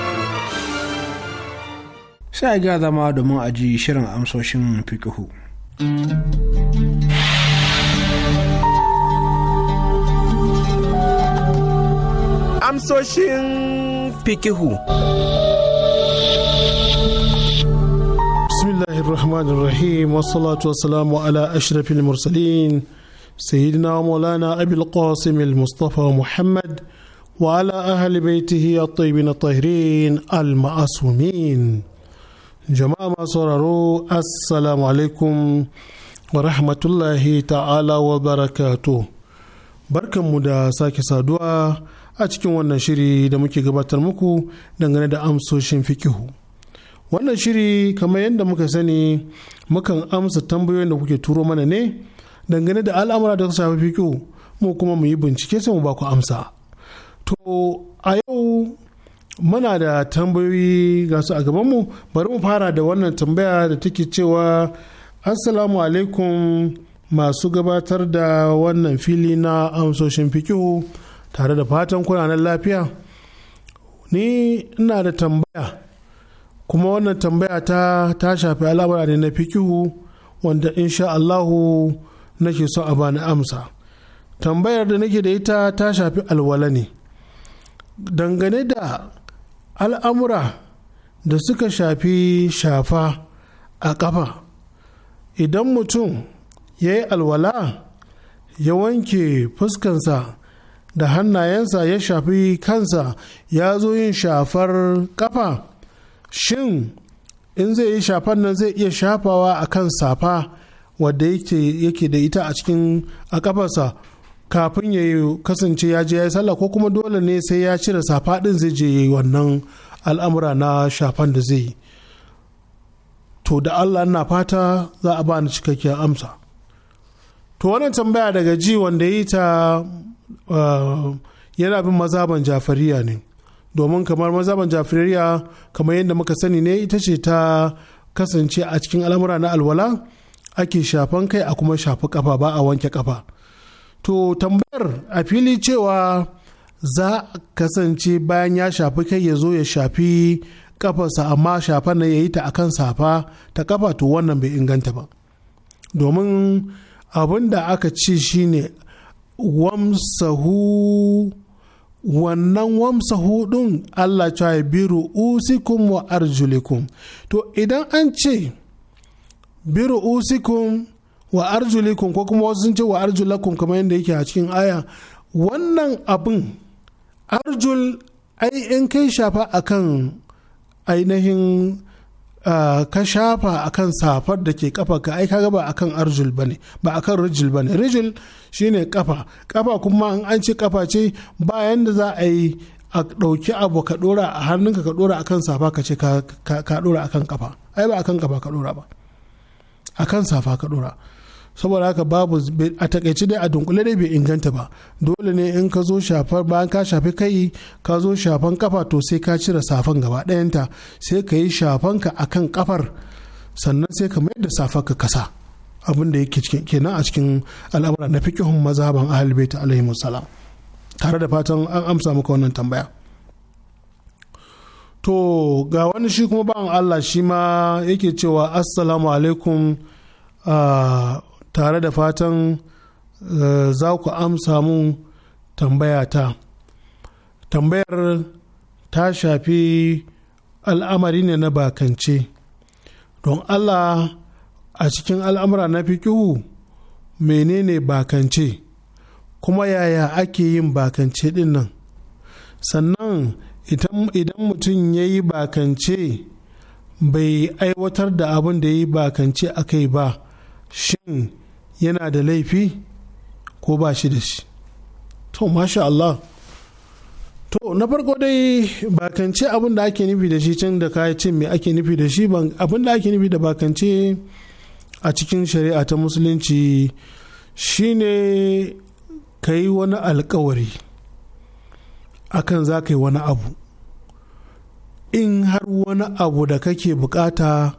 sai ga zama domin a ji shirin amsoshin fikihu. Amsoshin fikihu. Bismillahirrahmanirrahim wassalatu wassalamu ala ashrafil mursalin sayyidina maulana abil qasim al-mustafa muhammad wa ala ahli baitihi at-tayyibin at-tahirin al-ma'sumin jama'a masu sauraro assalamu alaikum wa rahmatullahi ta'ala wa barakatu barkanmu da sake saduwa a cikin wannan shiri da muke gabatar muku dangane da amsoshin fikihu wannan shiri kamar yadda muka sani mukan amsa tambayoyin da kuke turo mana ne dangane da al'amura da shafi fikihu mu kuma mu yi bincike sai mu ba ku amsa to a yau muna da tambayoyi ga su a gabanmu bari mu fara da wannan tambaya da take cewa assalamu alaikum masu gabatar da wannan fili na amsoshin fikihu tare da fatan kuna nan lafiya ni ina da tambaya kuma wannan tambaya ta ta shafi al'amura ne na fikihu wanda insha Allahu nake so a bani amsa tambayar da nake da ita ta shafi alwala ne dangane da al'amura da suka shafi shafa a ƙafa idan mutum ya yi alwala ya wanke fuskansa da hannayensa ya shafi kansa ya zo yin shafar ƙafa shin in zai yi shafan nan zai iya shafawa a kan safa wadda yake da ita a cikin a ƙafarsa kafin ya kasance ya je ya yi sallah ko kuma dole ne sai ya cire safa din zai je wannan al'amura na shafan da zai yi to da allah na fata za a bani cikakkiyar amsa to wannan tambaya daga ji wanda yi ta ah, yana bin mazaban jafariya ne domin kamar mazaban jafariya kamar yadda muka sani ne ita ce ta kasance a cikin al'amura na alwala ake shafan kai a kuma shafi kafa ba a wanke kafa to tambayar a fili cewa za a kasance bayan ya shafi kai ya zo ya shafi kafarsa amma shafa na ya yi ta akan safa ta kafa to wannan bai inganta ba domin abin da aka ce shi ne wamsahu wannan wamsahu din Allah cewa ya biro usikun wa arjulikum to idan an ce biro usikun wa arjulikum ko kuma wasu sun ce wa arjulakum kamar yadda yake a cikin aya wannan abin arjul ai in kai shafa akan ainihin ka shafa akan safar da ke kafa ka ai kaga ba akan arjul bane ba akan rijil bane rijil shine kafa kafa kuma an ce kafa ce bayan da za a yi a ɗauki abu ka ɗora a hannunka ka ɗora akan safa ka ce ka ɗora akan kafa ai ba akan kafa ka ɗora ba akan safa ka ɗora saboda haka babu a takaice dai a dunkule dai bai inganta ba dole ne in ka zo shafar bayan ka shafi kai ka zo shafan kafa to sai ka cire safan gaba ɗayanta sai ka yi shafanka akan kafar sannan sai ka mayar da ka kasa abin da yake kenan a cikin al'amuran na fiqhun mazhaban ahlul bait alaihi tare da fatan an amsa maka wannan tambaya to ga wani shi kuma ba'an Allah shi ma yake cewa assalamu alaikum ah, tare da fatan eh, za ku amsa mun tambaya ta tambayar ta shafi al'amari ne na bakance don allah a cikin al'amura na fikihu menene bakance kuma yaya ake yin bakance din nan sannan idan mutum ya yi bakance bai aiwatar da abin da ya yi bakance a kai ba shin yana da laifi ko ba shi da shi to masha Allah to na farko dai bakance abin da ake nufi da shi can da kayi cin me ake nufi da shi abin da ake nufi da bakance a cikin shari'a ta musulunci shine ka yi wani alkawari akan za ka yi wani abu in har wani abu da kake bukata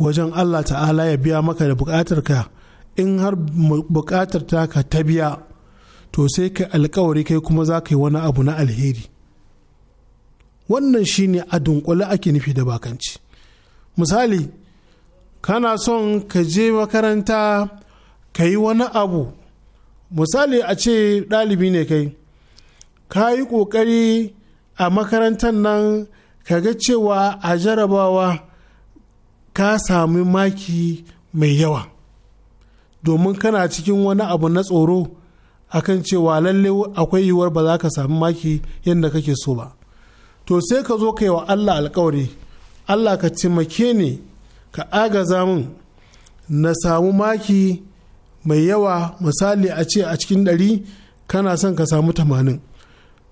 wajen allah ta'ala ya biya maka da bukatar ka. in har bukatar taka ta biya to sai ka alkawari kai kuma za ka yi wani abu na alheri wannan shine a dunkule ake nufi da bakanci misali kana son ka je makaranta ka yi wani abu misali a ce ɗalibi ne kai ka yi ƙoƙari a makarantar nan ka ga cewa a jarabawa ka sami maki mai yawa domin kana cikin wani abu na tsoro akan cewa lalle akwai yiwuwar ba za ka sami maki yadda kake so ba to sai ka zo ka wa Allah alkawari Allah ka taimake ni ka agaza min na samu maki mai yawa misali a ce a cikin ɗari kana son ka samu tamanin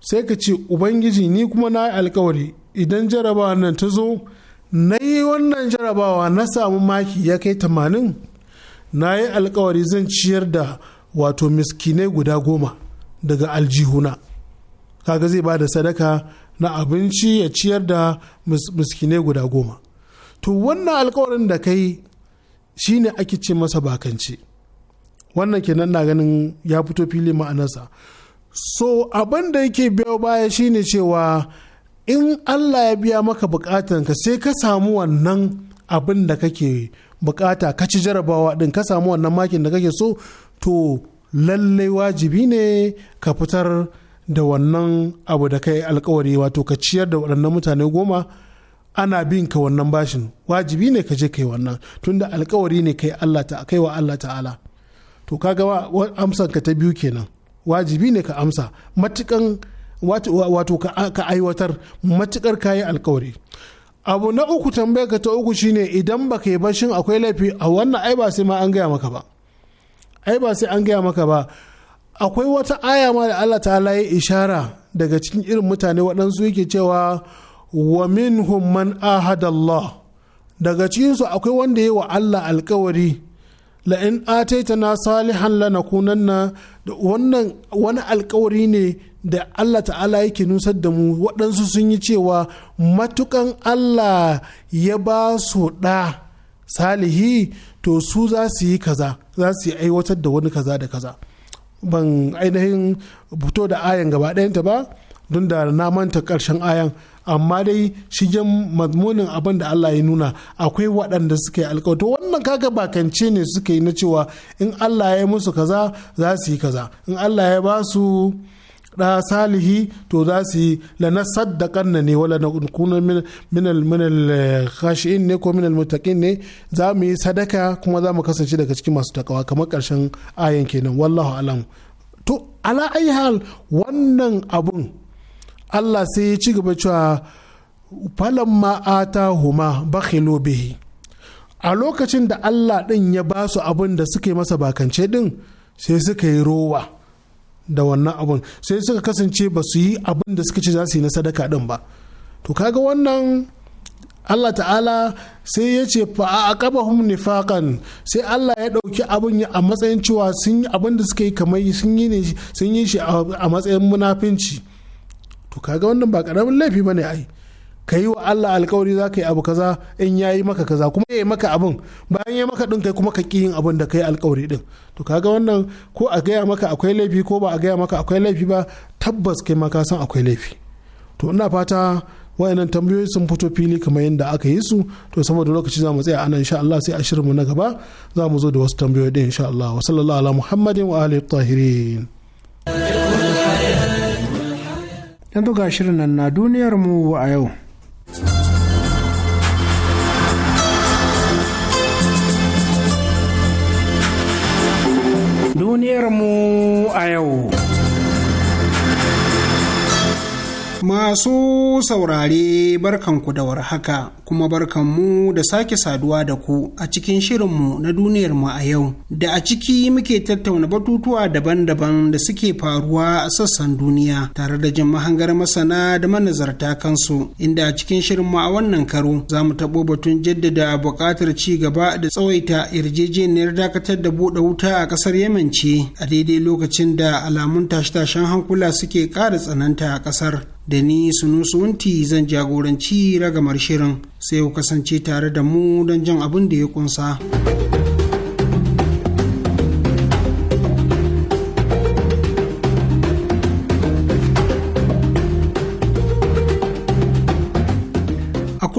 sai ka ce ubangiji ni kuma na yi alkawari idan jarabawa nan ta zo na yi wannan jarabawa na samu maki ya kai tamanin na yi alkawari zan ciyar da wato miskinai guda goma daga aljihuna kaga zai ba da sadaka na abinci ya ciyar da miskinai guda goma to wannan alkawarin da kai shine ake ce masa bakanci wannan kenan na ganin ya fito fili ma'anarsa so abin da yake biyo baya shine cewa in allah ya biya maka bukatanka sai ka samu wannan abin da kake bukata ka ci jarabawa din ka samu wannan makin da kake so to lallai wajibi ne ka fitar da wannan abu da kai alkawari wato ka ciyar da waɗannan mutane goma ana bin ka wannan bashin wajibi ne ka je kai wannan tunda alkawari ne kai Allah ta kai wa Allah ta'ala to kaga amsan ka ta biyu kenan wajibi ne ka amsa matukan wato ka aiwatar matukar kayi alkawari abu na uku tambayar ka ta uku shine idan baka yi bashin akwai laifi a wannan ai ba sai ma an gaya maka ba ai ba sai an gaya maka ba akwai wata aya ma da Allah ta ya ishara daga cikin irin mutane waɗansu yake cewa wa minhum man ahadallah daga cikinsu akwai wanda yi wa Allah alkawari la'in ataitana salihan lanakunanna da wannan wani alkawari ne da Allah ta'ala yake nusar da mu waɗansu sun yi cewa matukan Allah ya ba su ɗa salihi to su za su yi kaza za su yi aiwatar da wani kaza da kaza ban ainihin fito da ayan gaba ɗayanta ba don da na manta ƙarshen ayan amma dai shigen mazmunin abin da Allah ya nuna akwai waɗanda suka yi alkawari wannan kaga bakance ne suka yi na cewa in Allah ya yi musu kaza za su yi kaza in Allah ya ba su da salihi to za su yi lana saddaƙan na ne wala na minal minal eh, khashi'in ne ko minal mutaƙin ne za mu yi sadaka kuma za mu kasance daga cikin masu takawa kamar ƙarshen ayan kenan wallahu alam to ala ayyuhal wannan abun Allah sai ya ci gaba cewa falan ma'ata huma ba bihi a lokacin da Allah ɗin ya ba su abin da suka yi masa bakance ɗin sai suka yi rowa da wannan abin sai suka kasance ba su yi abin da suka ce za su yi na sadaka ɗin ba to kaga wannan Allah ta'ala sai ya ce fa a nifaqan sai Allah ya ɗauki abin a matsayin cewa sun yi abin da suka yi kamar sun yi shi a matsayin munafinci to kaga wannan ba karamin laifi bane ai ka yi wa Allah alkawari za ka yi abu kaza in ya yi maka kaza kuma ya yi maka abin bayan ya maka din kai kuma ka ƙi yin abin da ka yi alkawari din to kaga wannan ko a gaya maka akwai laifi ko ba a gaya maka akwai laifi ba tabbas kai ma ka san akwai laifi to ina fata wayannan tambayoyi sun fito fili kamar yadda aka yi su to saboda lokaci za mu tsaya anan insha Allah sai a mu na gaba za mu zo da wasu tambayoyi din insha Allah wa sallallahu ala muhammadin wa alihi tahirin na buga shirin nan na duniyarmu a yau. mu a yau. Masu saurare barkanku da warhaka kuma barkanmu da sake saduwa da ku a cikin shirinmu na duniyarmu a yau da a ciki muke tattauna batutuwa daban-daban da suke faruwa a sassan duniya tare da jin mahangar masana da manazarta kansu inda a cikin shirinmu a wannan karo za mu taɓo batun jaddada buƙatar ci gaba da tsawaita yarjejeniyar dakatar da buɗe wuta a ƙasar yamance a daidai lokacin da alamun tashe-tashen hankula suke ƙara tsananta a ƙasar. da ni wunti zan jagoranci ragamar shirin sai ku kasance tare da mu don jan abin da ya kunsa.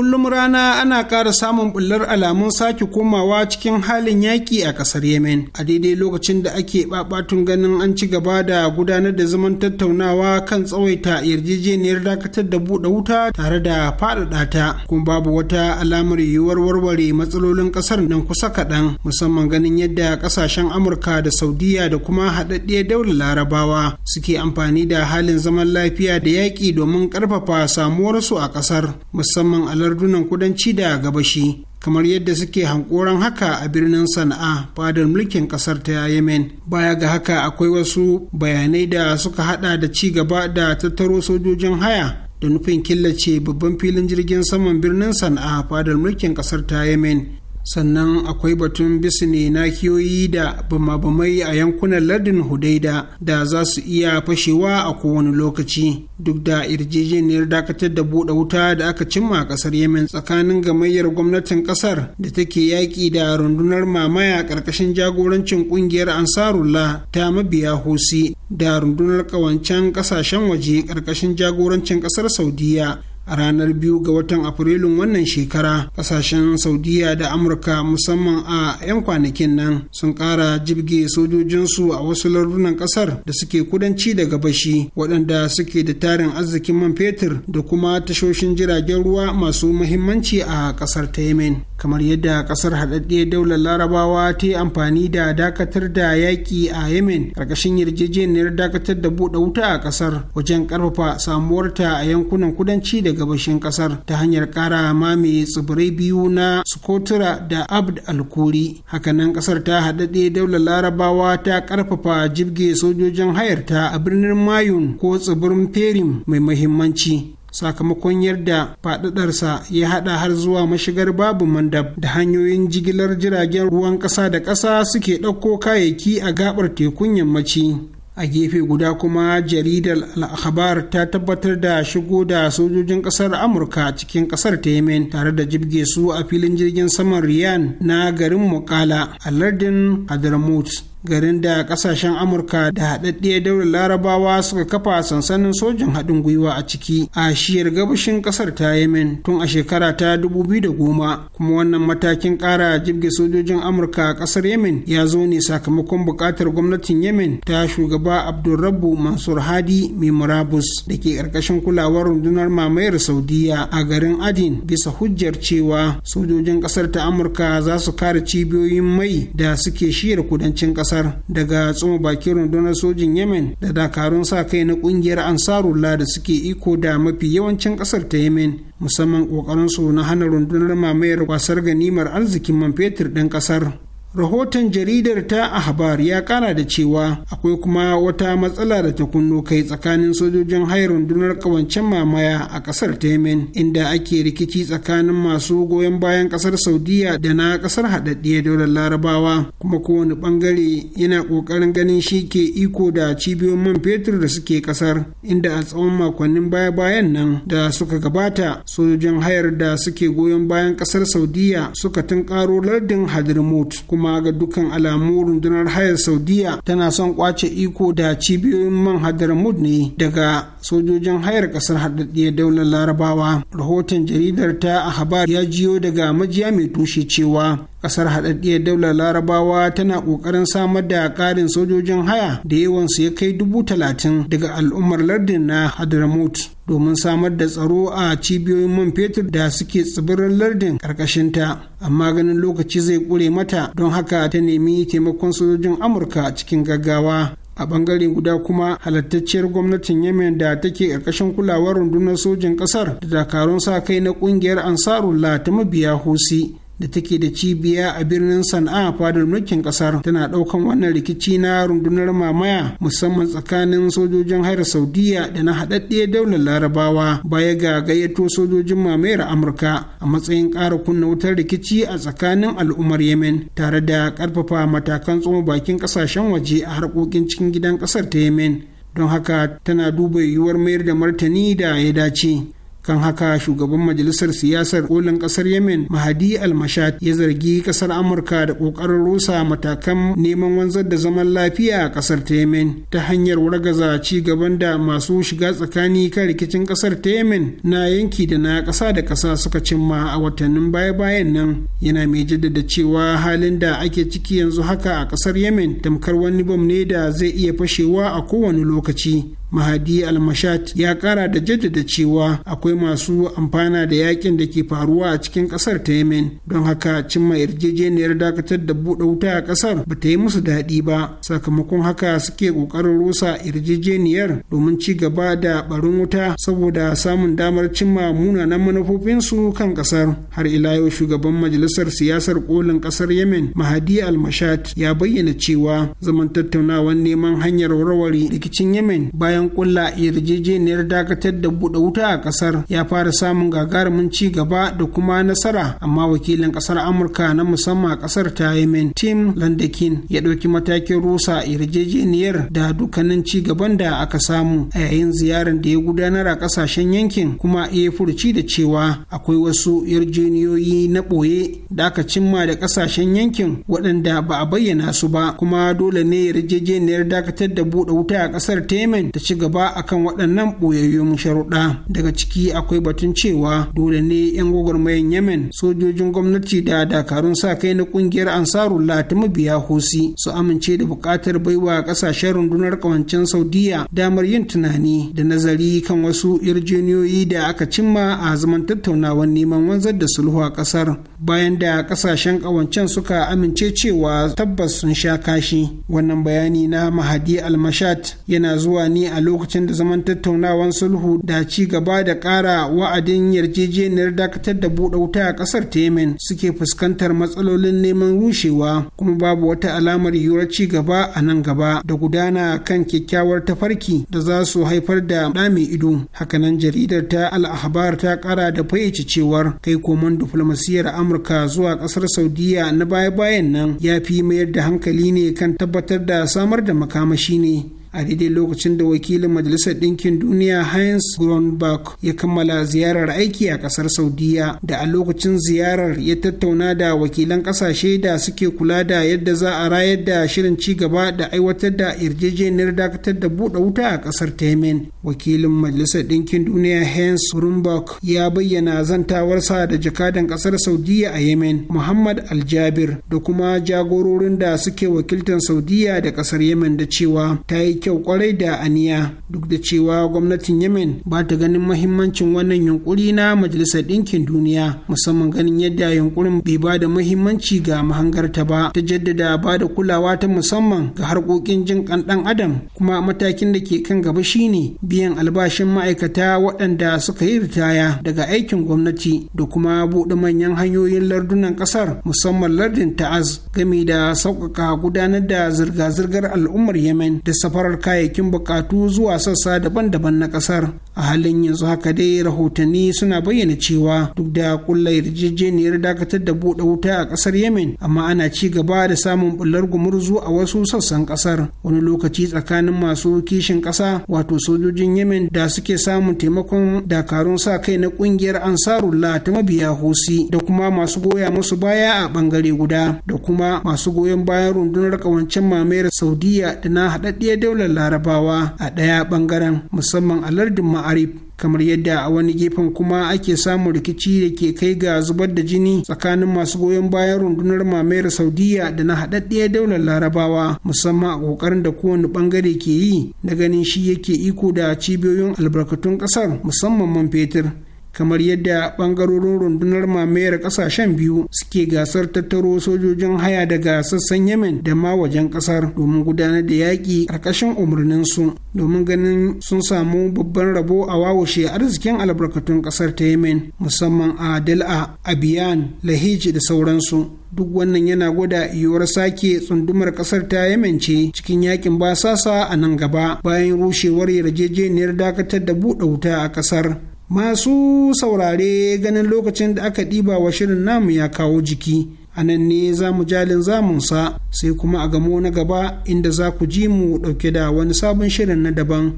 kullum rana ana ƙara samun bullar alamun sake komawa cikin halin yaƙi a ƙasar yemen a daidai lokacin da ake ɓaɓatun ganin an ci gaba da gudanar da zaman tattaunawa kan tsawaita yarjejeniyar dakatar da buɗe wuta tare da faɗaɗa ta kuma babu wata alamar yiwuwar warware matsalolin ƙasar nan kusa kaɗan musamman ganin yadda ƙasashen amurka da saudiya da kuma haɗaɗɗiyar daular larabawa suke amfani da halin zaman lafiya da yaƙi domin ƙarfafa samuwarsu a ƙasar musamman alar lardunan kudanci da gabashi kamar yadda suke hankoran haka a birnin sana'a fadar mulkin kasar ta yemen baya ga haka akwai wasu bayanai da suka hada da ci gaba da tattaro sojojin haya da nufin killace babban filin jirgin saman birnin sana'a fadar mulkin kasar ta yemen sannan akwai batun bisne na kiyoyi da bama a yankunan lardin hudaida da za su iya fashewa a kowane lokaci duk da irjejeniyar dakatar da buɗe wuta da aka cimma a ƙasar yemen tsakanin gamayyar gwamnatin ƙasar da take yaƙi da rundunar mamaya ƙarƙashin jagorancin ƙungiyar ansarullah ta mabiya husi da rundunar ƙawancen ƙasashen waje ƙarƙashin jagorancin ƙasar saudiya a ranar biyu ga watan afrilun wannan shekara kasashen saudiya da amurka musamman a 'yan kwanakin nan sun kara jibge sojojinsu a wasu lardunan kasar da suke kudanci da gabashi waɗanda suke da tarin arzikin man fetur da kuma tashoshin jiragen ruwa masu muhimmanci a kasar ta yemen kamar yadda kasar haɗaɗɗe daular larabawa ta yi amfani da dakatar da yaƙi a yemen ƙarƙashin yarjejeniyar dakatar da buɗe wuta a kasar wajen ƙarfafa samuwarta a yankunan kudanci da gabashin kasar ta hanyar kara mamaye tsibirai biyu na sukotura da abd alkuri hakanan kasar ta haɗaɗe daular larabawa ta ƙarfafa jibge sojojin hayarta a birnin mayun ko tsibirin perim mai mahimmanci sakamakon yadda faɗaɗarsa ya haɗa har zuwa mashigar babu mandab da hanyoyin jigilar jiragen ruwan ƙasa da ƙasa suke ɗauko kayayyaki a gaɓar tekun yammaci a gefe guda kuma jaridar al'akhbar ta tabbatar da shigo da sojojin kasar amurka cikin kasar ta yemen tare da jibge su a filin jirgin saman riyan na garin mukala a lardin hadramaut garin da kasashen amurka da haɗaɗɗiyar daular larabawa suka kafa sansanin sojin haɗin gwiwa a ciki a shiyar gabashin ƙasar ta yemen tun a shekara ta dubu biyu da goma kuma wannan matakin ƙara jibge sojojin amurka a ƙasar yemen ya zo ne sakamakon buƙatar gwamnatin yemen ta shugaba abdulrabu mansur hadi mai murabus da ke ƙarƙashin kulawar rundunar mamayar saudiya a garin adin bisa hujjar cewa sojojin ƙasar ta amurka za su kare cibiyoyin mai da suke shiyar kudancin ƙasar kasar daga tsoma bakin rundunar sojin yemen da dakarun sa kai na kungiyar ansarullah da suke iko da mafi yawancin kasar ta yemen musamman kokarin su na hana rundunar mamayar wasar ganimar arzikin man fetur ɗin kasar rahoton jaridar ta ahbar ya kara da cewa akwai kuma wata matsala da ta kunno kai tsakanin sojojin hayar rundunar kawancen mamaya a kasar ta inda ake rikici tsakanin masu goyon bayan kasar saudiya da na kasar haɗaɗɗiyar daular larabawa kuma kowane bangare yana ƙoƙarin ganin shi ke iko da cibiyoyin man fetur da suke kasar inda a tsawon makonnin baya bayan nan da suka gabata sojojin hayar da suke goyon bayan kasar saudiya suka tunkaro lardin hadrimot kuma ga dukkan alamu rundunar hayar saudiya tana son kwace iko da cibiyoyin man mud ne daga sojojin hayar kasar haɗaɗɗiyar daular larabawa rahoton jaridar ta a habar ya jiyo daga majiya mai tushe cewa kasar haɗaɗɗiyar daular larabawa tana ƙoƙarin samar da ƙarin sojojin haya da yawansu ya kai dubu talatin daga al'ummar lardin na hadramut domin samar da tsaro a cibiyoyin man fetur da suke tsibirin lardin ƙarƙashinta amma ganin lokaci zai ƙure mata don haka ta nemi taimakon sojojin amurka cikin gaggawa a bangare guda kuma halattacciyar gwamnatin yemen da take ƙarƙashin kulawar rundunar sojin ƙasar da dakarun sa kai na ƙungiyar ansarullah ta mabiya husi da take da cibiya a birnin sana'a fadar mulkin kasar tana daukan wannan rikici na rundunar mamaya musamman tsakanin sojojin hayar saudiya da na haɗaɗɗe daular larabawa baya ga gayyato sojojin mamayar amurka a matsayin ƙara kunna wutar rikici a tsakanin al'ummar yemen tare da ƙarfafa matakan tsoma bakin ƙasashen waje a harkokin cikin gidan ƙasar ta yemen don haka tana duba yiwuwar mayar da martani da ya dace kan haka shugaban majalisar siyasar kolin kasar yemen mahadi almashat ya zargi kasar amurka da kokarin rusa matakan neman wanzar da zaman lafiya a kasar ta yemen ta hanyar wargaza ci gaban da masu shiga tsakani kan rikicin kasar ta yemen na yanki da na kasa da kasa suka cimma a watannin baya-bayan nan yana mai jaddada cewa halin da ake ciki yanzu haka a kasar yemen tamkar wani bam ne da zai iya fashewa a kowane lokaci mahadi almashat ya kara da jaddada cewa akwai masu amfana da yakin da ke faruwa a cikin kasar ta yemen don haka cimma yarjejeniyar dakatar da buɗe wuta a kasar ba ta yi musu daɗi ba sakamakon haka suke ƙoƙarin rusa yarjejeniyar domin ci gaba da ɓarin wuta saboda samun damar cimma munanan manufofinsu kan kasar har ila yau shugaban majalisar siyasar kolin kasar yemen mahadi almashat ya bayyana cewa zaman tattaunawar neman hanyar warware rikicin yemen bayan ƙulla yarjejeniyar dakatar da buɗe wuta a kasar ya fara samun gagarumin ci gaba da kuma nasara amma wakilin kasar amurka na musamman kasar ta yemen tim landakin ya ɗauki matakin rusa yarjejeniyar da dukkanin ci gaban da aka samu a yayin ziyarar da ya gudanar a kasashen yankin kuma ya furci da cewa akwai wasu yarjejeniyoyi na ɓoye da aka cimma da kasashen yankin waɗanda ba a bayyana su ba kuma dole ne yarjejeniyar dakatar da buɗe wuta a kasar ta yemen ta ci gaba akan waɗannan ɓoyayyun sharuɗa daga ciki akwai batun cewa dole ne 'yan gwagwarmayan yemen sojojin gwamnati da dakarun sa kai na kungiyar ansarullah ta mabiya hosi su amince da buƙatar baiwa kasashen rundunar ƙawancen saudiya damar yin tunani da nazari kan wasu yarjejeniyoyi da aka cimma a zaman tattaunawar neman wanzar da sulhu a kasar bayan da kasashen ƙawancen suka amince cewa tabbas sun sha kashi wannan bayani na mahadi almashat yana zuwa ne a lokacin da zaman tattaunawar sulhu da ci gaba da ƙara yara wa'adin yarjejeniyar dakatar da buɗe wuta a ƙasar ta yemen suke fuskantar matsalolin neman rushewa kuma babu wata alamar yiwuwar ci gaba a nan gaba da gudana kan kyakkyawar tafarki da za su haifar da ɗami ido hakanan jaridar ta al'ahbar ta kara da fayyace cewar kai koman diflomasiyyar amurka zuwa ƙasar saudiya na baya-bayan nan ya fi mayar da hankali ne kan tabbatar da samar da makamashi ne a daidai lokacin da wakilin majalisar ɗinkin duniya heinz grunberg ya kammala ziyarar aiki a ƙasar saudiya da a lokacin ziyarar ya tattauna da wakilan ƙasashe da suke kula da yadda za a rayar da shirin ci gaba da aiwatar da yarjejeniyar dakatar da buɗe wuta a ƙasar temin wakilin majalisar ɗinkin duniya heinz grunberg ya bayyana zantawarsa da jakadan ƙasar saudiya a yemen muhammad aljabir da kuma jagororin da suke wakiltar saudiya da ƙasar yemen da cewa ta yi kyau kwarai da aniya duk da cewa gwamnatin yemen ba ta ganin mahimmancin wannan yunkuri na majalisar ɗinkin duniya musamman ganin yadda yunkurin bai ba da muhimmanci ga mahangarta ba ta jaddada ba da kulawa ta musamman ga harkokin jin kan ɗan adam kuma matakin da ke kan gaba shine biyan albashin ma'aikata waɗanda suka yi ritaya daga aikin gwamnati da kuma buɗe manyan hanyoyin lardunan ƙasar musamman lardin ta'az game da sauƙaƙa gudanar da zirga-zirgar al'ummar yemen da safar safarar kayayyakin bukatu zuwa sassa daban-daban na kasar a halin yanzu haka dai rahotanni suna bayyana cewa duk da kulla yarjejeniyar dakatar da buɗe wuta a kasar yemen amma ana ci gaba da samun bullar gumurzu a wasu sassan kasar wani lokaci tsakanin masu kishin kasa wato sojojin yemen da suke samun taimakon dakarun sa kai na kungiyar ansarullah ta mabiya hosi da kuma masu goya musu baya a bangare guda da kuma masu goyon bayan rundunar kawancen mamayar saudiya da na haɗaɗɗiyar daular daular larabawa a ɗaya ɓangaren musamman a lardin ma'arib kamar yadda a wani gefen kuma ake samun rikici da ke kai ga zubar da jini tsakanin masu goyon bayan rundunar mamayar saudiya da na haɗaɗɗiyar daular larabawa musamman a ƙoƙarin da kowane ɓangare ke yi na ganin shi yake iko da cibiyoyin albarkatun ƙasar musamman man fetur kamar yadda bangarorin rundunar mamayar kasashen biyu suke gasar tattaro sojojin haya daga sassan yemen da ma wajen kasar domin gudanar da yaƙi ƙarƙashin umarninsu domin ganin sun samu babban rabo a wawashe arzikin albarkatun ƙasar ta yemen musamman a dal'a abiyan lahiji da sauransu duk wannan yana gwada yiwuwar sake tsundumar kasar ta ce cikin yakin basasa a nan gaba bayan rushewar yarjejeniyar dakatar da buɗe wuta a kasar Masu saurare ganin lokacin da aka ɗiba wa shirin namu ya kawo jiki, a nan ne za mu jalin zamunsa sai kuma a gamo na gaba inda za ku ji mu ɗauke da wani sabon shirin na daban,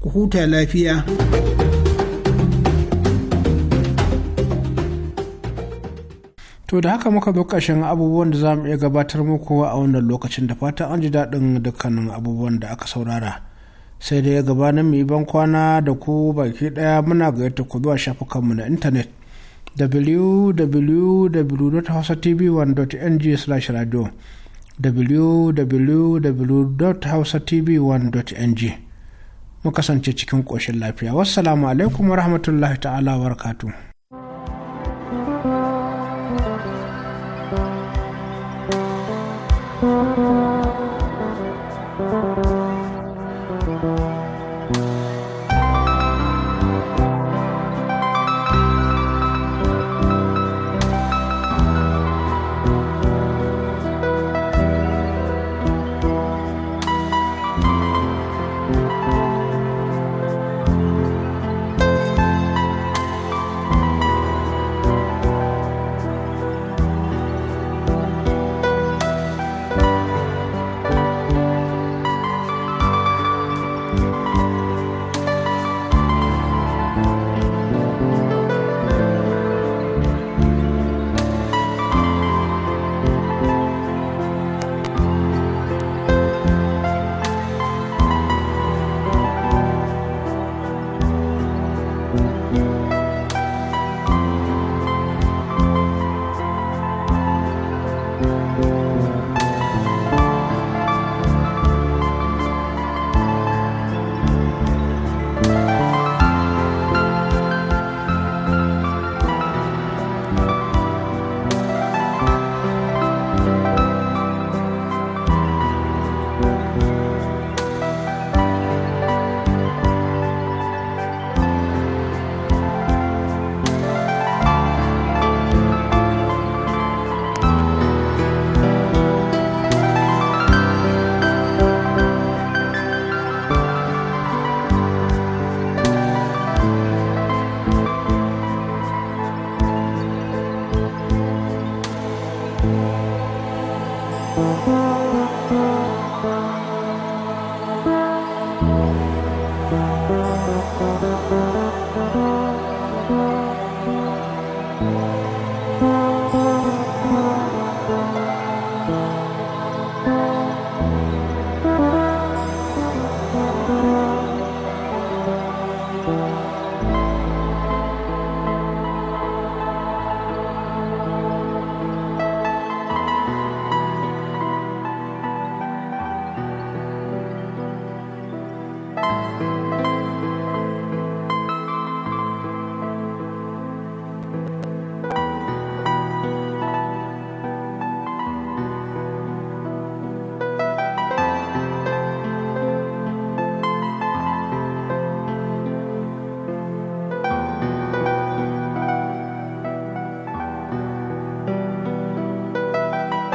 ku huta lafiya. To da haka muka bi ƙarshen abubuwan da za mu iya gabatar muku a wannan lokacin da fata an ji daɗin dukkanin abubuwan da aka saurara. sai dai ya gabanin mu ban kwana da ku baki daya muna gayyata ku zuwa shafukanmu na intanet www.hausatv1.ng/radio www.hausatv1.ng mu kasance cikin ƙoshin lafiya wassalamu alaikum rahmatullahi ta'ala wa